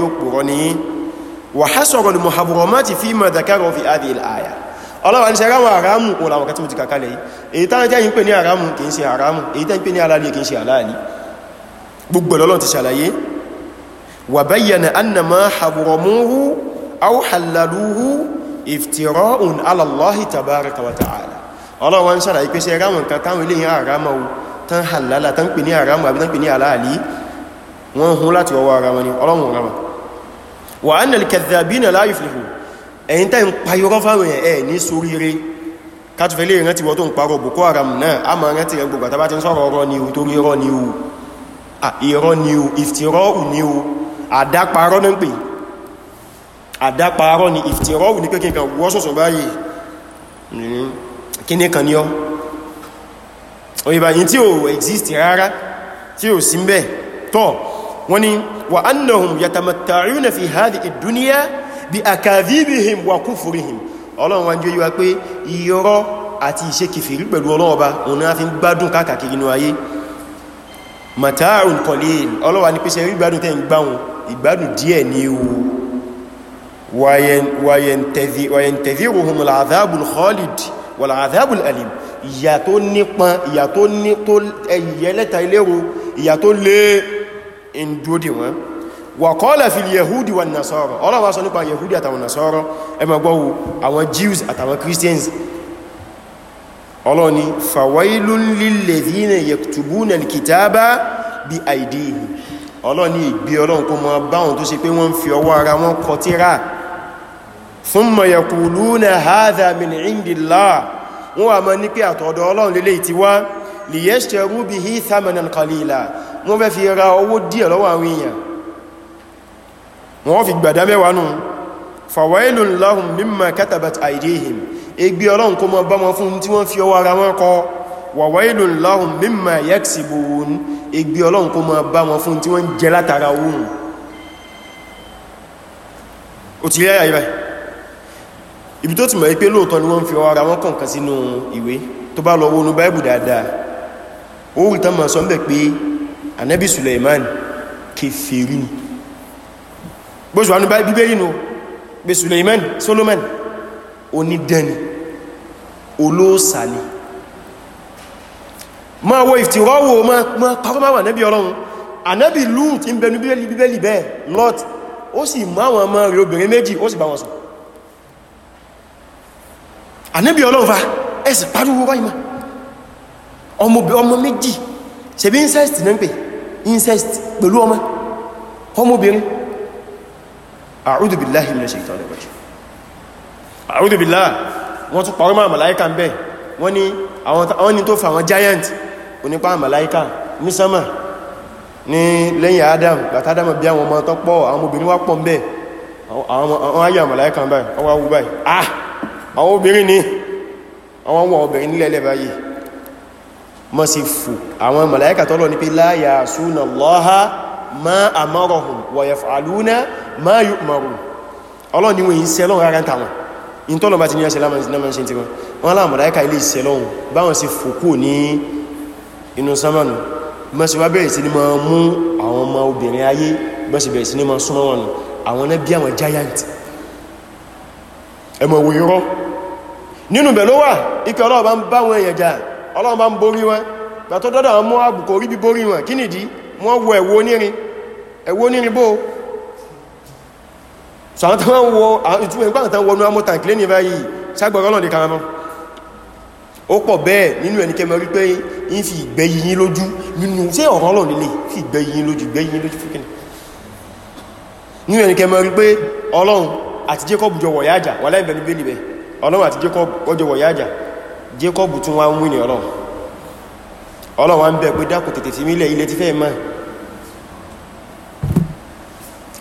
gbogbo Ọlọ́run ti ṣàlàyé wa bayyana anna ma harramuhu aw halaluhu iftira'un ala Allahi tabaraka wa ta'ala Ọlọ́run wá ń ṣàlàyé pé ṣe ráwọn nǹkan táwọn ilé àrámà o tán halala tán pè ní àrámà àbí tán pè ní aláàlì wọ́n hún láti ọwọ́ ara wọn ni Ọlọ́run rama wa anna al-kadhabina la yuflihu ẹ̀yin tẹ́ ń payọ́rọ́ fáwọn ẹ̀ ní sóríire kátùfẹ́lẹ́ ìrántí wọ́n tó ń parọ́ Boko Haram náà a máa rántí rẹ̀ gbogbo àtàbátí ń sọ̀rọ̀ ọ̀rọ̀ ni ò torí ọ̀rọ̀ ni ò ìran ni o ìfìtìrọ́rù ni o àdáparọ́ ní pè àdáparọ́ ni ìfìtìrọ́rù ní kékèké wọ́ sọ̀sọ̀ báyìí hmm, kíní kan ní ọ́ òyìnbá yìí tí ò exist rárá tí ò sí mbẹ̀ tọ́ wọ́n ni wa annahum yatamatta'una mata'un qalil ọlọ́wà ní pèsè ìgbádùn tẹ́ ń gbáhùn ìgbádùn díẹ̀ ní ewu wàyẹ̀ntẹ̀dìrùhùn al'adhabul khalid wal'adhabul alim ìyà tó nípan ìyà tó ní tó ẹ̀yẹlẹ́ta ilérò ìyà tó lé ìdúdì wọn wà qala fil yahudi wà nasara ọlọ́wà sọ nípa yahudi àtàwọn nasara ẹmọ̀gbọ́wò ọlọ́ni fawailun lilladhina yaktubuna alkitaba bi aidihim ọlọ́ni ìgbé ọlọ́run kó máa báwọn tó ṣe pé wọ́n ń fi ọwọ́ ara wọn kọ tírà thumma yaquluna hadha min indillah wọ́n wà máa ní pé àtọ̀dọ̀ ọlọ́run lélẹ̀ ti wá liyashtaru bihi thamanan qalila wọ́n fẹ́ fi ra owó díẹ̀ lọ́wọ́ àwọn èèyàn wọ́n fi gbàdá nù fawailun lahum mimma katabat aidihim ègbé ọlọ́run kó mọ bá wọn fún tí wọ́n fi ọwọ́ ara wọn kọ wa waylun lahum mimma yaksibun ègbé ọlọ́run kó mọ bá wọn fún tí wọ́n jẹ látara ohun ò ti rí àyà ibà ibi tó ti mọ̀ pé lóòtọ́ ni wọ́n fi ọwọ́ ara wọn kọ̀ǹkan sínú ìwé tó bá lọ wọnú báìbù dáadáa ó rí tán mọ̀ sọ́mbẹ̀ pé anabi Suleiman kèfèrí ni gbóṣùwánú báìbù bẹ́yìn o pé Suleiman Solomon onídẹ́ni olóòsàní ma wo ìfìtìrọ́wò ma pàrọ́mà ànábì ọlọ́run ànábì lúù tí ń bẹnu bíbélì bẹ́ẹ̀ lot ó sì mọ́ àwọn ọmọ rẹ̀ obìnrin méjì ó sì bá wọn sùn ànábì ọlọ́run fa ẹ̀sì pariwo báyìí ma ọmọ méjì ṣebí incest ní ń pè incest pẹ̀lú ọmọ ọmọbìnrin a'udhu billahi minash shaitani àrùdùbìlá wọ́n tún parọ́ máa màláíkà ń bẹ̀ wọ́n ni àwọn ni tó fà wọn giant onípa màláíkà ní sánmà ní lẹ́yìn adam látàdámà bí àwọn ọmọ tó pọ̀ àwọn obìnrin wá pọ̀ ń bẹ̀ àwọn ayé màláíkà ń báyìí ọwọ́ awú báyìí ah àwọn obìnrin ni àwọn ọmọ obìnrin nílẹ̀ báyìí mọ́ sí fù àwọn màláíkà tàwọn in tọ́lọ̀ bá ti ní ẹsẹ̀ lámọ́ ṣe ti wọn wọ́n láàmọ̀dáíkà ilé ìṣẹ́ lọ́hun báwọn sí fòkó ní inú sámánù mọ́sí wá bẹ̀rẹ̀ sí ní máa mú àwọn ọmọ obìnrin ayé bọ́sí bẹ̀rẹ̀ sí ní máa súnmọ́ wọn àwọn náà àwọn giant ẹmọ̀ òwò irọ́ nínú bẹ̀ ló wà ikẹ̀ ọlọ́ọ̀bá ń bá wọn ẹ̀yẹ̀ jà ọlọ́ọ̀ bá ń borí wọn gbà tó dọ́dọ̀ àwọn mọ́ àbùkò orí bí borí wọn kí nìdí sàwọn tó wọ́n wo ìtumọ̀ ìgbà tán wọnú amóta ìkìlẹ̀ ní báyìí ságbọ̀rọ̀ náà di karamọ́ ó pọ̀ bẹ́ẹ̀ nínú ẹnikẹ́mọ̀ wípé ń fi ìgbẹ́ yìí lójú nínú tí ọ̀rọ̀ lọ nílé fi ìgbẹ́ yìí lójú ìgbẹ́ yìí lójú fúnkẹ́ nínú ẹnikẹ́mọ̀ wípé ọlọ́run àti Jacob jọ wọ̀yájà wà láìbẹ̀ níbẹ̀ níbẹ̀ ọlọ́run àti Jacob jọ wọ̀yájà Jacob tún wá ń wí ní ọlọ́run ọlọ́run wá ń bẹ̀ pé dákò tètè fi mílẹ̀ ilẹ̀ ti fẹ́ máa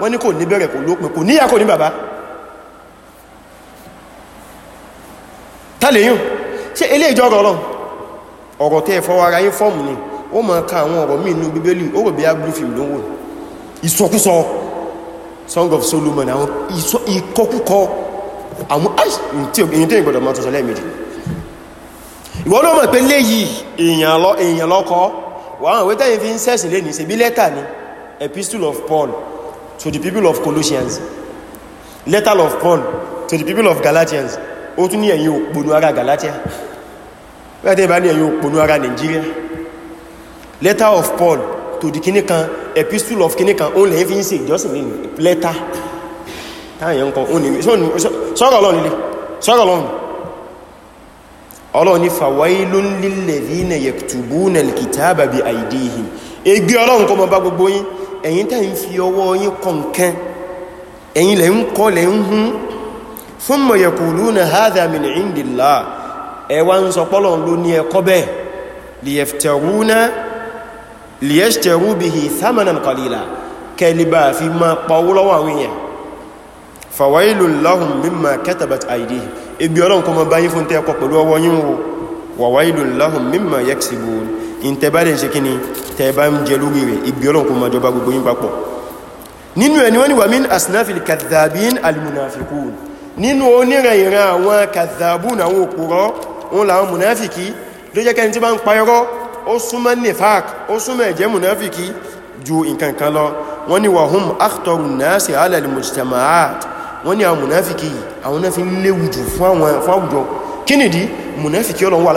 wọ́n ní kò ní bẹ̀rẹ̀ kò lópin kò níyà kò ní bàbá tàlẹ́yìn ṣe ilé ìjọ ọ̀rọ̀ ọ̀rọ̀ tẹ́ fọwọ́ ara yín fọ́ọ̀mù ni ó máa ka àwọn ọ̀rọ̀ míì nínú bíbélì ó rò bí agbúrú fìlú ló ń wò ìsọkúsọ song of solomon àwọn ìkọkúkọ àwọn èyí tẹ́ ìgbọ̀dọ̀ máa tọ́sọ lẹ́ẹ̀mejì ìwọ́n ló mọ̀ pé léyìí èèyàn lọ́kọ́ wọ́n àwọn ìwé tẹ́yìn fi ń sẹ́sìn lé ní ṣe bí lẹ́tà ni epistle of paul to the people of Colossians letter of Paul to the people of Galatians ó tún ní ẹ̀yin òpònú ara Galatia wẹ́n tẹ́ bá ní ẹ̀yin òpònú ara Nigeria letter of Paul to the kíní kan epistle of kíní kan òun lẹ́yìn fi ń ṣe ìjọsìn nínú letter táyẹ̀ ń kọ òun ní sọ́rọ̀ ọlọ́run nílé sọ́rọ̀ ọlọ́run ọlọ́run ní fawailun lilladhina yaktubuna alkitaba bi aydihim ègbé ọlọ́run kó mọ bá gbogbo yín ẹ̀yin tẹ́ ń fi ọwọ́ yín kọ nǹkan ẹ̀yin lẹ̀ ń kọ́ lẹ̀ ń hún thumma yaquluna hadha min indillah ẹ wá ń sọ pọ́lọ̀ ló ní ẹkọ́ bẹ́ẹ̀ liyaftaruna liyashtaru bihi thamanan qalila kẹlíbà fi máa pawó lọ́wọ́ àwọn èèyàn fawailul lahum mimma katabat aydihim ibi ọlọ́run kọ́ mọ báyìí fún tẹ́ ẹkọ pẹ̀lú ọwọ́ yín wo wa wailul lahum mimma yaksibun ìntẹ̀bálẹ̀ ṣe kí ni tẹ̀bá ń jẹ lórí rẹ̀ ìgbé ọlọ́run kó máa jọba gbogbo yín papọ̀ nínú ẹni wọ́n ni wà min asnafil kathabin almunafikun nínú onírànìran àwọn àwọn òpùrọ́ wọn làwọn munafiki ló jẹ́ kẹni tí bá ń pa irọ́ ó súnmọ́ munafiki ju nǹkan kan lọ wahum akhtarun nasi ala almujtamaat wọ́n ni àwọn munafiki àwọn náà fi léwu jù munafiki ọlọ́run wà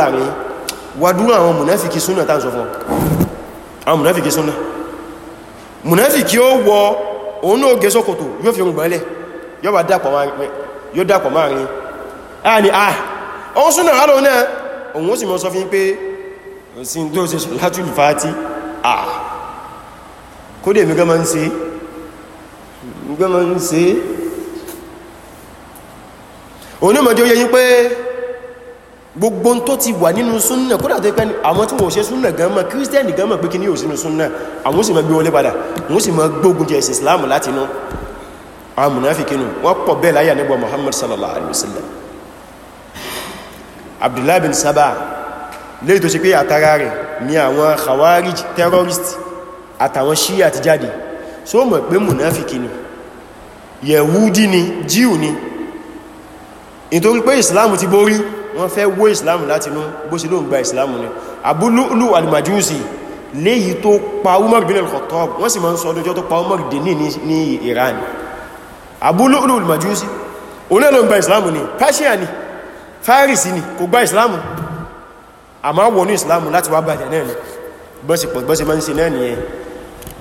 wàdúrà àwọn mùnáfìkì súnà tàà sọ fún àwọn mùnáfìkì súnà mùnáfìkì ó wọ òun náà gẹ sókòtò yóò fi ọgbọ̀n ilẹ̀ yóò bá dàpọ̀ márùn-ún a ni a ah, ọun súnà rádọ̀ náà òun ó sì mọ́ sọ fí pé sí tó ṣe sọ̀látù ìfàátí à kó dè mẹ́gbẹ́ máa ń ṣe mẹ́gbẹ́ máa ń ṣe onímọ̀jọ́ yẹ yí pé gbogbo tó ti wà nínú súnnà kódà tó pẹ́ àwọn tí wọ́n ṣe súnnà gan mọ́ kírísítẹ́nì gan mọ́ pé kí ní òsínú súnnà àwọn sì mọ́ gbé wọlé padà wọ́n sì mọ́ gbógun jẹ́ ìsìn islam láti inú àwọn munafikinu wọ́n pọ̀ bẹ́ẹ̀ láyà nígbà muhammad sallallahu alaihi wasallam abdullahi bin saba léyìí tó ṣe pé àtàrà rẹ̀ ni àwọn khawarij terrorist àtàwọn shia ti jáde so mọ̀ pé munafikinu yẹ̀wúdí ni jíù ni wọ́n fẹ́ wó islam láti inú bó ṣe ló ń gba islam ni Abu Lu'lu' al-Majusi léyìí tó pa Umar bin al-Khattab wọ́n sì máa ń sọ ọdọ́jọ́ tó pa Umar dini ní Iran Abu Lu'lu' al-Majusi òun náà ló ń gba islam ni Persia ni Faris ni kò gba islam àmọ́ wọnú islam láti wá bàjẹ́ náà ni bọ́sìpọ̀ bọ́sì máa ń ṣe náà nìyẹn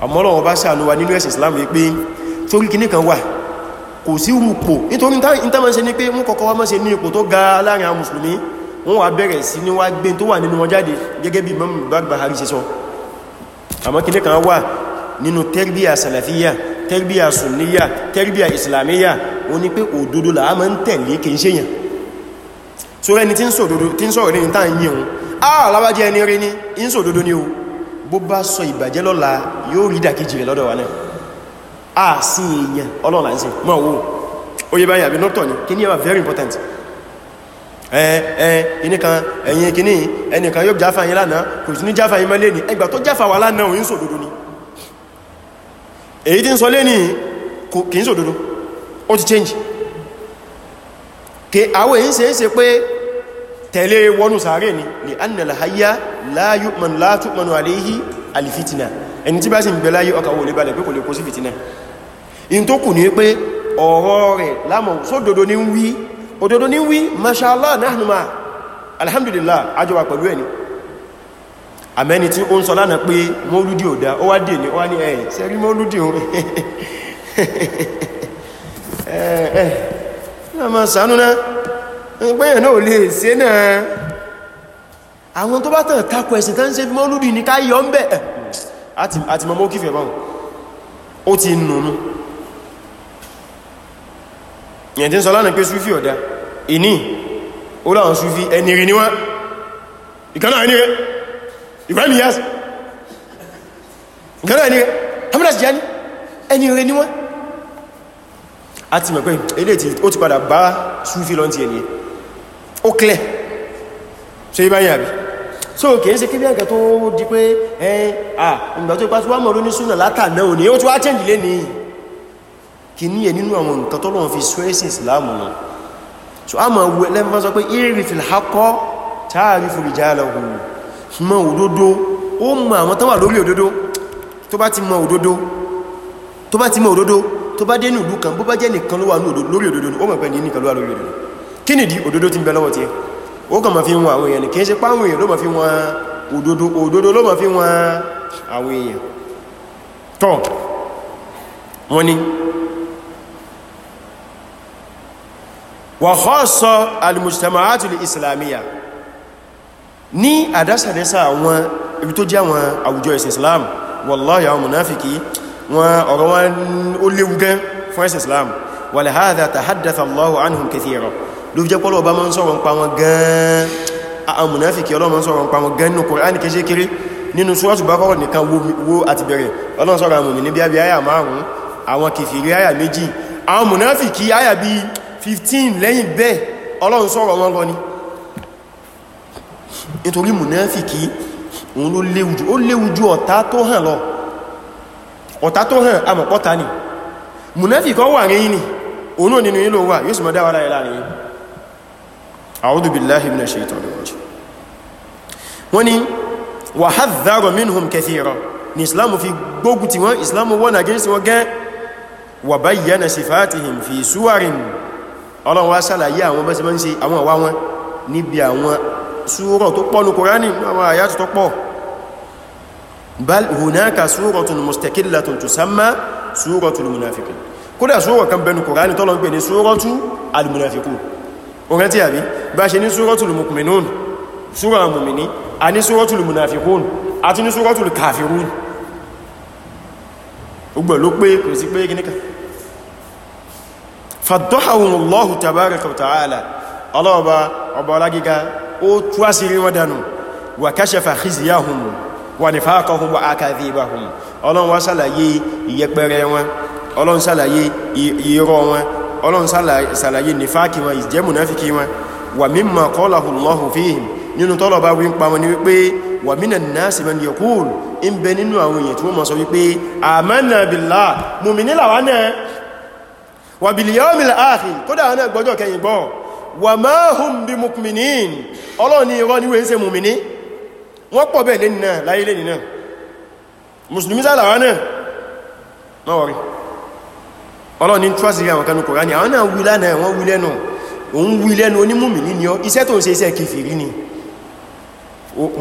àmọ́ Ọlọ́run bá ṣàánú wa nínú ẹ̀sìn islam yìí pé torí kò sí rúpò nítorí ìtàmọ́sẹ̀ ní pé mú kọ́kọ́ wá mọ́sẹ̀ ní ipò tó ga láàrin àwọn mùsùlùmí wọ́n wá bẹ̀rẹ̀ sí ní wá gbé tó wà nínú wọn jáde gẹ́gẹ́ bí Imam Barbahari ṣe sọ àmọ́ kí ní kan wà nínú tẹ́rbíà sàlàfíyà tẹ́rbíà sùnníyà tẹ́rbíà ìsìlàmíyà ó ní ah lábájẹ́ ẹni rí ní ń sòdodo ni o bó bá sọ ìbàjẹ́ lọ́la yóò rí dàkejì rẹ̀ lọ́dọ̀ náà ààsìn ah, èèyàn ọlọ́ọ̀lá ń sìn mọ́ owó oye báyìí àbí nọ́tọ̀ ni kí ní ẹwà very important ẹnìkan ẹ̀yìn kìíní ẹnìkan yóò jáfà yín lánàá kò sí ní jáfà yín mọ́lé ní ẹgbà tó jáfà wà lánàá òun sòdodo ni èyí tí ń sọ lé ní kìí sòdodo ó ti change kí àwọn èyí ṣe é ṣe pé tẹ̀lé wọnú sàárè ni ni annal hayya la yu'man la tu'manu alayhi al-fitna ẹni tí bá sì ń gbẹ láyé ọkà wọlé balẹ̀ pé kò lè kó sí fìtínà in tó kù ní pé ọ̀rọ̀ rẹ̀ lámọ̀ sódodo ní wí òdodo ní wí mashallah alhamdulillah ajọwà pẹ̀lú ẹni àmẹ́ni tí ó ń sọ pé mọ́lúdí ò dá ó wá dè ní ó ẹ̀ sẹ́rí mọ́lúdí ò ẹ̀ ọmọ sànúná náà lè ṣe náà àwọn tó bá tàn ẹ̀sìn tán ìyẹn tí ń sọ lánàá pé súfí ọ̀dá ìní ó láwọn súfí ẹni rí níwá ìkaná ẹni rẹ̀ Ibrahim Iyas ìkaná ẹni rẹ̀ Hamida Tijani ẹni rẹ̀ níwá a ti mọ̀ pé ilé tí ó ti padà bá súfí lọ́n ti ẹni ó kílẹ̀ ṣe ibá yàbí so kìí ṣe kí bí ẹ̀kẹ́ tó di pé ẹ̀ ah. ìgbà tó pàtíwámọ̀ ló ní súnà látà náà ò ní ó ti wá chẹ́ǹdì lé nìyí kìíní ẹ̀ nínú àwọn nǹkan tó lọ́n fi swears islamu náà so a ma wo ẹlẹ́mọ́ sọ pé irifil hakọ́ ta'rifu rijalahu mọ òdodo ó mọ àwọn tó wà lórí òdodo tó bá ti mọ òdodo tó bá ti mọ òdodo tó bá dé ní ìlú kan bó bá jẹ́ nìkan ló wà lórí òdodo ó mọ̀ pé ní nìkan ló wà lórí òdodo kí nìdí òdodo ti ń bẹ lọ́wọ́ tiẹ̀ ó kàn ma fi wọn àwọn èèyàn kìí ṣe páwọn èèyàn ló ma fi wọn òdodo òdodo ló ma fi wọn àwọn èèyàn tọ́ wọ́n ni wa khassa al-mujtama'atul islamiyya ní àdásàdẹ́sà àwọn ibi tó jẹ́ àwọn àwùjọ ìsìn islam wallahi àwọn munafiki wọn ọ̀rọ̀ wọn ó léwu gan fún ìsìn islam wa lahadha tahaddatha Allahu anhum kathira ló fi jẹ́ pọ́lọ̀ ọba mọ́n sọ̀rọ̀ pa wọn gan àwọn munafiki ọlọ́mọ́n sọ̀rọ̀ pa wọn gan nínú Qur'an kéṣe kiri nínú Suratul 15 lẹ́yìn bẹ́ẹ̀ ọlọ́run sọ̀rọ̀ wọn lọ ni nítorí mùnáfìkì òun ló léwu jù ó léwu jù ọ̀tá tó hàn lọ ọ̀tá tó hàn amọ̀pọ̀ta ni mùnáfìkì wà rí ní òun náà nínú ilò wà yóò sì mọ̀ dáwà láyé láàrin a'udhu billahi minash shaitanir rajim wọ́n ni wa hadhdhara minhum kathira ni islam fi gbógun ti wọn islam wọ́n against wọn gẹ́ wa bayyana sifatihim fi suwarin ọlọ́run wá sàlàyé àwọn bẹ́sẹ̀ mọ́ sí àwọn àwá wọn níbi àwọn súrọ̀ tó pọ̀ ní kòránì àwọn àyàtù tó pọ̀ bal hunaka súrọ̀tún mustaqillatun tusamma súrọ̀tún munafiqun kódà súrọ̀ kan bẹnu kòránì tọ́lọ ń pè ní súrọ̀tún almunafiqun orin tí àbí bá ṣe ní súrọ̀ mùmìní a fàdọ́hàwùnlọ́hù tàbárẹ̀kọ̀ tààlà ọlọ́ọ̀bá ọba ọlágíga ó tú àṣírí wọn dànù wà kẹ́ṣẹ̀fà khiziyahum wà nifaqahum wà akadhibahum ọlọ́run wá sàlàyé ìyẹpẹrẹ wọn ọlọ́run sàlàyé irọ́ wọn ọlọ́run sàlàyé nifáàkì wọn wà mimma qalahu Allahu fihim nínú tọ́lọ̀ bá bẹ nínú àwọn èèyàn tí wọ́n mọ̀ sọ wípé amanna billah mùmìnílà wa náà wà bil yawmil akhir kódà àwọn ẹgbọ́jọ́ kẹyìn gbọ́ wà ma hum bi mu'minin ọlọ́ni irọ́ níwé ń ṣe mùmìní wọ́n pọ̀ bẹ́ẹ̀ lẹ́ni náà láyé lẹ́ni náà mùsùlùmí sálàwà náà má wọ̀rí ọlọ́ni trọ́sì rí àwọn kanú Kùránì àwọn náà wí lánàá wọ́n wí lẹ́nu òun wí lẹ́nu onímùmìní ni ọ iṣẹ́ tó ń ṣe iṣẹ́ kèfèrí ni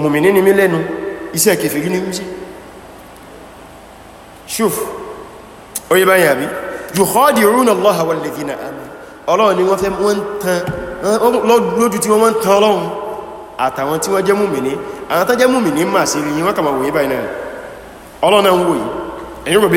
mùmìní ni mí lẹ́nu iṣẹ́ kèfèrí ni mí sí ṣùf ó báyìí àbí yukhadi'una Allaha walladhina amanu ọlọ́run ni wọ́n fẹ́ wọ́n tan lójú tí wọ́n tan ọlọ́run àtàwọn tí wọ́n jẹ́ múmìní àwọn tó jẹ́ múmìní mà sí rí wọ́n kàmà wòye báyìí náà ọlọ́run ń wòye ẹ̀yìn rò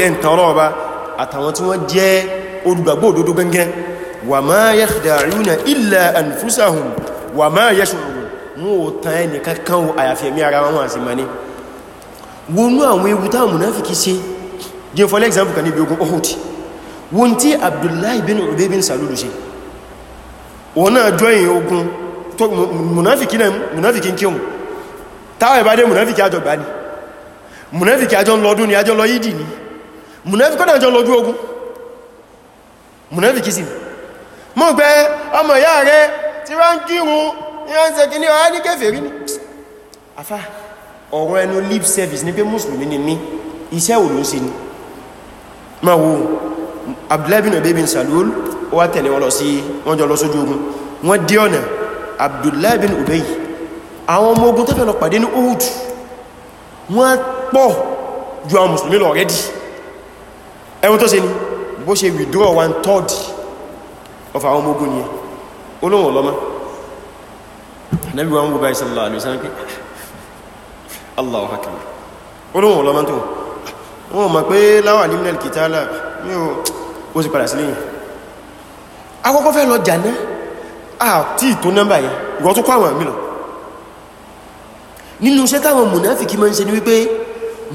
bí ẹn jẹ́ fọ́lẹ́ example kan níbi ogun Uhud wọ́n tí abdullahi bin ubay bin salulu ṣe wọ́n náà jọyìn ogun tó munafiki náà munafiki kí òun táwọn ìbádé munafiki àjọ gbá ni munafiki àjọ lọ́dún ni àjọ lọ yídì ni munafiki náà jọ lọ́dún ogun munafiki sí mọ́ pé ọmọ ìyá rẹ tí wọ́n ń kírun ìránṣẹ́ kí ní ọ̀rá ní kèfèrí ni afá ọ̀rọ̀ ẹnu lip service ní pé mùsùlùmí ni mí iṣẹ́ òlóṣe ni máa wo abdullahi bin Ubay bin salul ó wá tẹ̀lé wọn lọ sí wọ́n jọ lọ sójú ogun wọ́n dé ọ̀nà abdullahi bin Ubay àwọn ọmọ ogun tó fẹ́ lọ pàdé ní Uhud wọ́n pọ̀ ju àwọn mùsùlùmí lọ rẹ́dì ẹ̀wọ̀n tó ṣe ni bó ṣe withdraw one third of àwọn ọmọ ogun nìyẹn olóhùn ọlọ́mọ nabi gbogbo sallallahu alaihi wasallam pé Allahu akbar olóhùn ọlọ́mọ tó wọ́n mọ̀ pé láwà ní mìíràn kìtàlá ní ó sì padà sí lẹ́yìn akọ́kọ́ fẹ́ lọ jàná àti ìtò nọ́mbà yẹn ìwọ́n tó kọ́ àwọn àmì lọ nínú iṣẹ́ táwọn mùnáfìkì máa ń ṣe ni wípé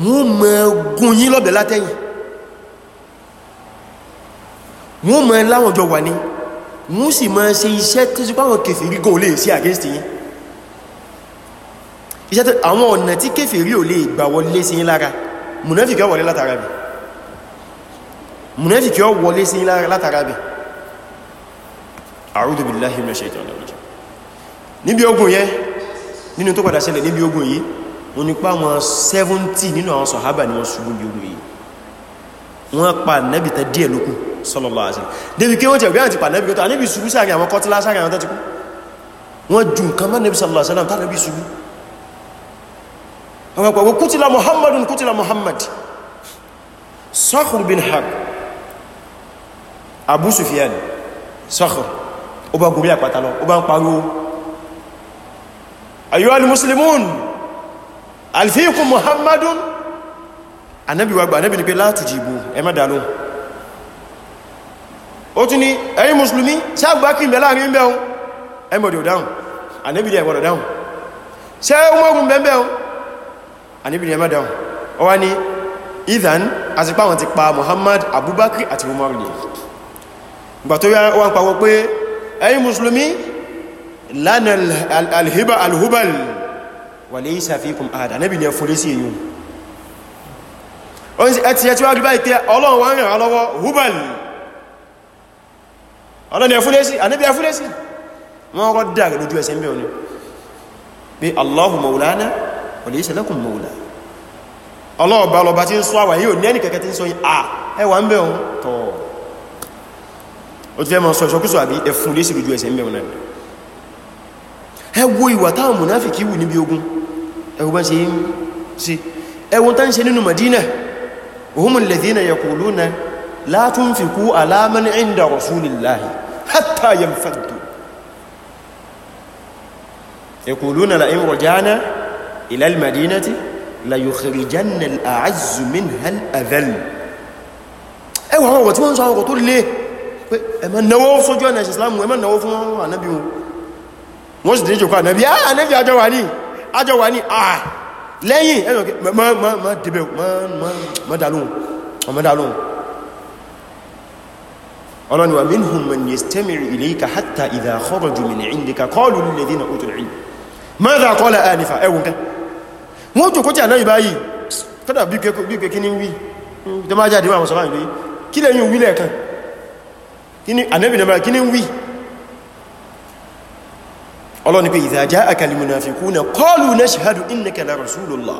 wọ́n mọ gún yín lọ́bẹ̀ látẹ̀yìn wọ́n mọ láwọn jọ wà ní wọ́n sì máa ṣe iṣẹ́ tó sì pàwọn kèfèrí gan lè sí against yín iṣẹ́ àwọn ọ̀nà tí kèfèrí ò gbà wọlé sí yín lára mùnáfìkì wọlé látara bìí munafiki ó wọlé sí látara bẹ̀ a'udhu billahi minash shaitani rajim níbi ogun yẹn nínú tó padà ṣẹlẹ̀ níbi ogun yìí wọ́n ní pa wọn 70 nínú àwọn sàhábà ni wọ́n ṣubú bí ogun yìí wọ́n pa nẹ́bìtẹ́ díẹ̀ lókù sallallahu alaihi wasallam débi kí wọ́n tẹ̀ gbẹ́yàn ti pa nẹ́bìtẹ́ àníbi ṣubú sáàrin àwọn kọtílá sáàrin àwọn tẹ́tíkú wọ́n ju nǹkan mọ́ nẹ́bì sallallahu alaihi wasallam tánàbí Abu Sufyan Sakhr ó bá gorí àpáta lọ ó bá ń pariwo ayyuha al-muslimun alfiikum Muhammadun anábi wa gba anábi ni pé la tujibu ẹ má dá lóhùn ó tún ní ẹ̀yin mùsùlùmí sáàgbà kí ìbẹ̀ láàrin bẹ̀ ohun ẹmọ̀dẹ̀ òdáhùn àníbìdẹ̀ ẹ̀wọ̀dọ̀ dáhùn ṣe ọmọgùn bẹ̀ ohun àníbìdẹ̀ ẹmọ̀ dáhùn ọwá ní ìdán àti pàwọn ti pa Muhammad Abubakar àti Umar nìyàn gbà tó wọ́n pàwọ́ pé ẹ̀yin musulmi lánà alhiba alhubal wà lè ṣàfikún àdá níbi ni ẹ̀fún lé sí èyí ohun ẹ̀tì ẹ̀tì wájú báyìí pé ọlọ́run wọ́n rìn alọ́wọ́ hubal ọlọ́run ẹ̀fún lé sí àníbi ẹ̀fún lé sí wọ́n rọ́ dà lójú ẹsẹ̀ mẹ́rin ni pé allahu maulana wà lè ṣẹlẹ́kùn maula ó ti fẹ́ mọ́ sọ ìṣọ́kúsọ àbí ẹfún lé sí lójú ẹsẹ̀ ń bẹ̀rún náà ẹ wo ìwà táwọn mùnáfìkì wù níbi ogun ẹwọ bá ṣe ń ṣe ẹwọ tán ṣe nínú Madina ohun alladhina yaquluna la tunfiqu ala man 'inda rasulillahi hatta yanfaddu yaquluna la'in raja'na ila al-madinati la yukhrijanna al-a'azzu minha al-adhall ẹwọ àwọn ọ̀wọ̀ tí wọ́n ń sọ àwọn ọkọ̀ tó lé pé ẹ̀mọ́ náwó sójú ọ̀nà ìsìsìlámù ẹ̀mọ́ náwó fún ànábí wọn wọ́n sì dé jòkó ànábí ah ànábí àjọ wà ní àjọ wà ní ah lẹ́yìn ẹ̀yọ̀ mọ́ mọ́ mọ́ débẹ̀ mọ́ dàlóhùn ọmọ dàlóhùn ọlọ́ni wa minhum man yastami'u ilayka hatta idha kharaju min 'indika qalu lil ladhina utul 'ilm madha qala anifa ẹwùn kan wọ́n jòkó tí ànábí báyìí ní wí tó kí lẹ́yìn wí lẹ́ẹ̀kan anẹ́bìnàbà kí ní wí ọlọ́ni pé idha ja'aka al-munafiquna qalu nashhadu innaka la rasulullah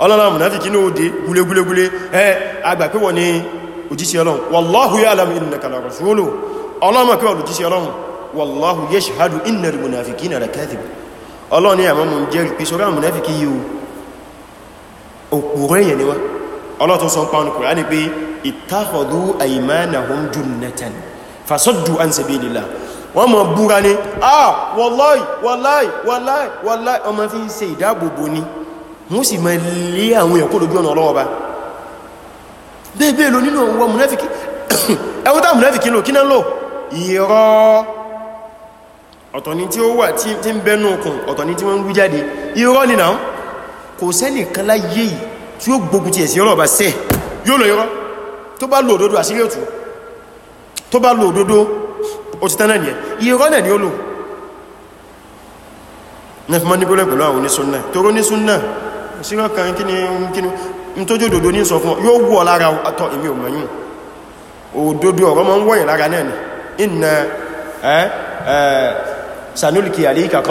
ọlọ́nà munafiki ní òde gúlégúlégúlé ẹ àgbà pé wọ́n ni òjísí ọlọ́run wallahu ya'lamu innaka la rasuluhu ọlọ́mọ̀ pé òjísí ọlọ́run wallahu yashhadu innal munafiqina lakadhibun ọlọ́ni àmọ́ mú jẹ́rì pé sọ́rọ̀ munafiki yíò òpòrò èèyàn ni wá ọlọ́tún sọ pàánù Qur'ani pé ittakhadhu aymanahum fasọ́dù an sabilillah wọ́n mọ̀ búra ní ah wallahi wallahi wallahi wallahi ọmọ fi ṣe ìdáàbòbò ni wọ́n sì máa lé àwọn èèyàn kó lójú ọ̀nà ọlọ́wọ́ bá bẹ́ẹ̀bẹ́ẹ̀ lọ nínú ọwọ́ munafiki ẹwọ́n tá munafiki lò kí náà lò irọ́ ọ̀tọ̀ ni tí ó wà tí ń bẹ́nu okùn ọ̀tọ̀ ni tí wọ́n ń wí jáde irọ́ tó bá lò òdodo àṣírí òtún tó bá lo òdodo ó ti tánà nìyẹn irọ́ náà ni ó lò nẹ́fìmọ́ ní bọ́lẹ̀ pẹ̀lú àwọn onísúnnà toró nísúnnà síra kan kí ni kí ni tó jó òdodo ní sọ fún yóò wọ́ lára àtọ́ èmi ò mọ̀yún òdodo ọ̀rọ̀ mọ́ ń wọ́yìn lára náà ni inna sanulki alayka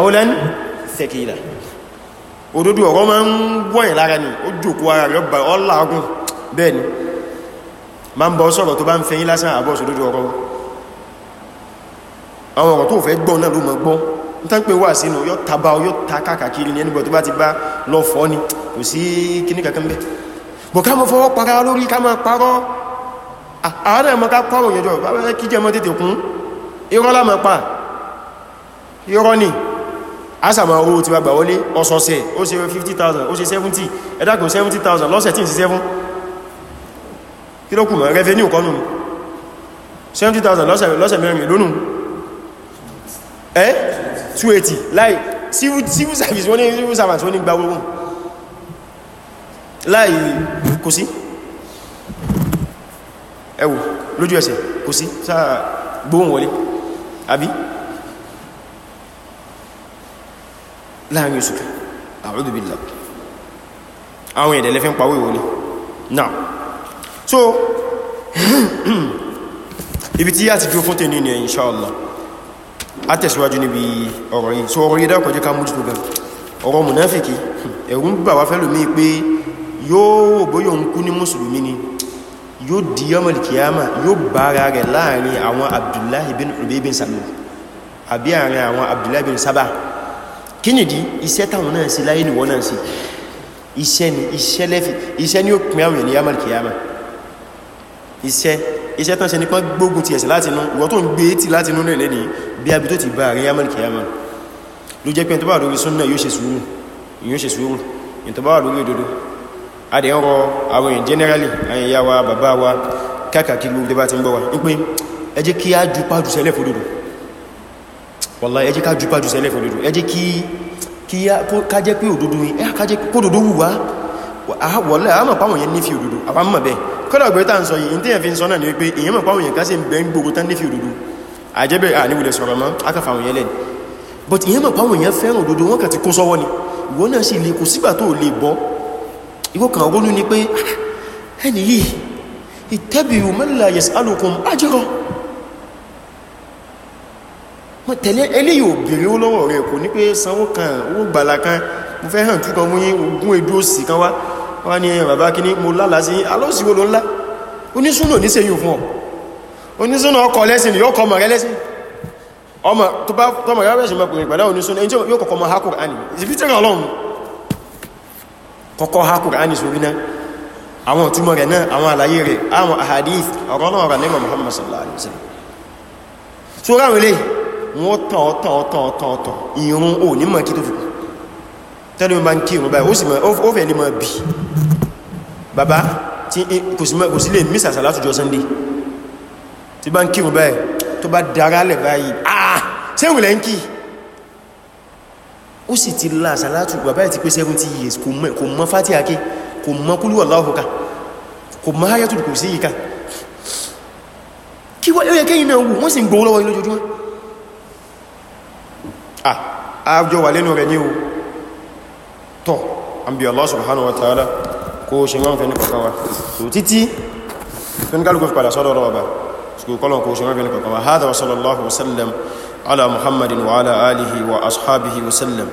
ma ń bọ́ sọ̀rọ̀ tó bá ń fẹ́yìn lásán àbọ̀ sódódó ọ̀rọ̀ àwọn ọ̀rọ̀ tó fẹ́ gbọ́n náà ló mọ̀ gbọ́ n tán pé wà sínú yóò taba yóò ta káàkiri ní ẹnìbọ̀ tó bá ti bá lọ fọ́ ni kò sí kíní kankan bẹ́ bọ̀ ká mọ́ fọwọ́ para lórí ká máa parọ́ àwọn ẹ̀mọ́ ká pọ́rọ̀ yẹjọ́ bá bẹ́ẹ̀ kí jẹ́ mọ́ tètè kún irọ́ lámọ́ pa irọ́ ni asàmà owó ti bá gbà wọlé ọ̀sọ̀ọ̀sẹ̀ ó ṣe 50,000 kí ló kù mọ́ revenue kọ́nù 70,000 lọ́sẹ̀ mẹ́rin lónù ẹ́ 280 láì civil service wọ́n ní civil service wọ́n ní gba ogun láì kò sí ẹwù lójú ẹsẹ̀ kò sí sáà gbóhùn wọlé àbí láàrin oṣù kan a'udhu billah àwọn èdè lẹ́fẹ́ ń pàwọ́ ìwọlé now so ibi tí yá ti dúró fún tẹ̀ nínú ẹ̀ inṣáàlá a tẹ̀síwájú níbi ọ̀rọ̀ yìí so ọ̀rọ̀ yìí dákọ̀ jẹ́ ká mú jùlọ gan ọ̀rọ̀ mùnáfìkì ẹ̀rù ń bà wá fẹ́ lómi pé yóò bóyọ̀ ń kú ní mùsùlùmí ni yóò di yọmọlì kìyàmà yóò bára rẹ̀ láàrin àwọn abdullahi bin ubay bin salul àbí àárín àwọn abdullahi bin sábà kí nìdí iṣẹ́ táwọn náà sí láyé iṣẹ́ iṣẹ́ tán ṣe nípa gbógun ti ẹ̀sìn láti inú ìwọ tó ń gbé tí láti inú rẹ̀ ní bí abi tó ti bá àrí yaman kìyaman ló jẹ́ pé tó bá lórí súnnà yóò ṣe sùúrù yóò ṣe sùúrù ní tó bá lórí òdodo adé ń rọ àwọn èèyàn generally àwọn ìyá wa bàbá wa káàkiri gbogbo tó bá ti ń bọ̀ wa ń pé ẹ jẹ́ kí á ju pàjù sẹ́lẹ̀ fòdodo wallahi ẹ jẹ́ ká ju pàjù sẹ́lẹ̀ fòdodo ẹ jẹ́ kí ká jẹ́ pé òdodo yìí ká jẹ́ pé òdodo wù wá wọ́lá àmọ̀ pàwọn yẹn nífi òdodo àbámọ̀ bẹ́ẹ̀ kọ́dọ̀ ọgbẹ́ tá ń sọ yìí tí ẹ̀ fi ń sọ náà ni wípé èyàn mọ̀ páwọn èèyàn ká sí ń bẹ ń gbogbo tán nífi òdodo àjẹ́bẹ̀ àníwòlẹ̀ sọ̀rọ̀ mọ́ akàfà àwọn but èyàn mọ̀ páwọn èèyàn fẹ́ràn òdodo wọn kà ti kó sọ́wọ́ ni ìwọ náà sì lè kò sígbà tó lè bọ́ ìwọ kan ronú ni pé ah, ẹni yìí ittabi'u man la yas'alukum ajran mo tẹ̀lé eléyìí ò bèrè ó lọ́wọ́ rẹ̀ kò ní pé sanwó kan owó gbàlà kan mo fẹ́ hàn kíkan mú yín ogún èdè òsì kan wá wọ́n ní ẹ̀yàn bàbá kí ní mo lálà sí alóòsìwò ló ńlá onísúnà ní sẹ́yìn fún ọ onísúnà ọkọ̀ lẹ́sìn yóò kọ́ ọmọ rẹ lẹ́sìn ọmọ tó bá tọmọ rẹ ṣe mọ́kùnrin pẹ̀lá onísúnà ẹni tí yóò kọ́kọ́ mọ́ hakùn àní ìfitẹ́rẹ̀ ọlọ́run kọ́kọ́ hakùn àní Muhammad sallallahu alaihi wasallam tó ráwọn ilé wọn tàn ọ̀tàn ọ̀tàn ọ̀tàn ọ̀tàn ìrún ò ní mọ̀ tẹ́lẹ̀ o máa ń kí ìwọ̀n báyìí ó sì ó fẹ́ lè máa bì bàbá tí kò sí lè mísà sàlátùjọ sunday tí bá ń kí ìwọ̀n báyìí tó bá dára lẹ̀ báyìí àà ah, sẹ́wìnlẹ̀ ń kí ó sì ti la sàlátù bàbá ti pé 70 years kò mọ́ fátí àké kò mọ́ kúlú ọ̀láhùká kò mọ́ háyàtù kò sí yíká kí wọ́n yẹ kẹ́yìn náà wù wọ́n sì ń gbọ́ lọ́wọ́ ilójoojúmọ́ àjọ ah, wà lẹ́nu rẹ̀ ní o tọ́ àbí Allah subhanahu wa ta'ala kó ṣe wọ́n fẹ́ ní kọ̀kan wa so títí fẹ́nkálùkù padà sọ́dọ̀ ọ̀rọ̀ ọba sùkú kọ́lọ̀ kó ṣe wọ́n fẹ́ ní kọ̀kan wa hada wa sallallahu wa sallam ala muhammadin wa ala alihi wa ashabihi wa sallam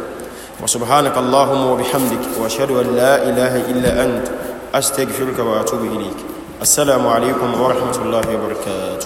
wa subhanaka allahumma wa bihamdik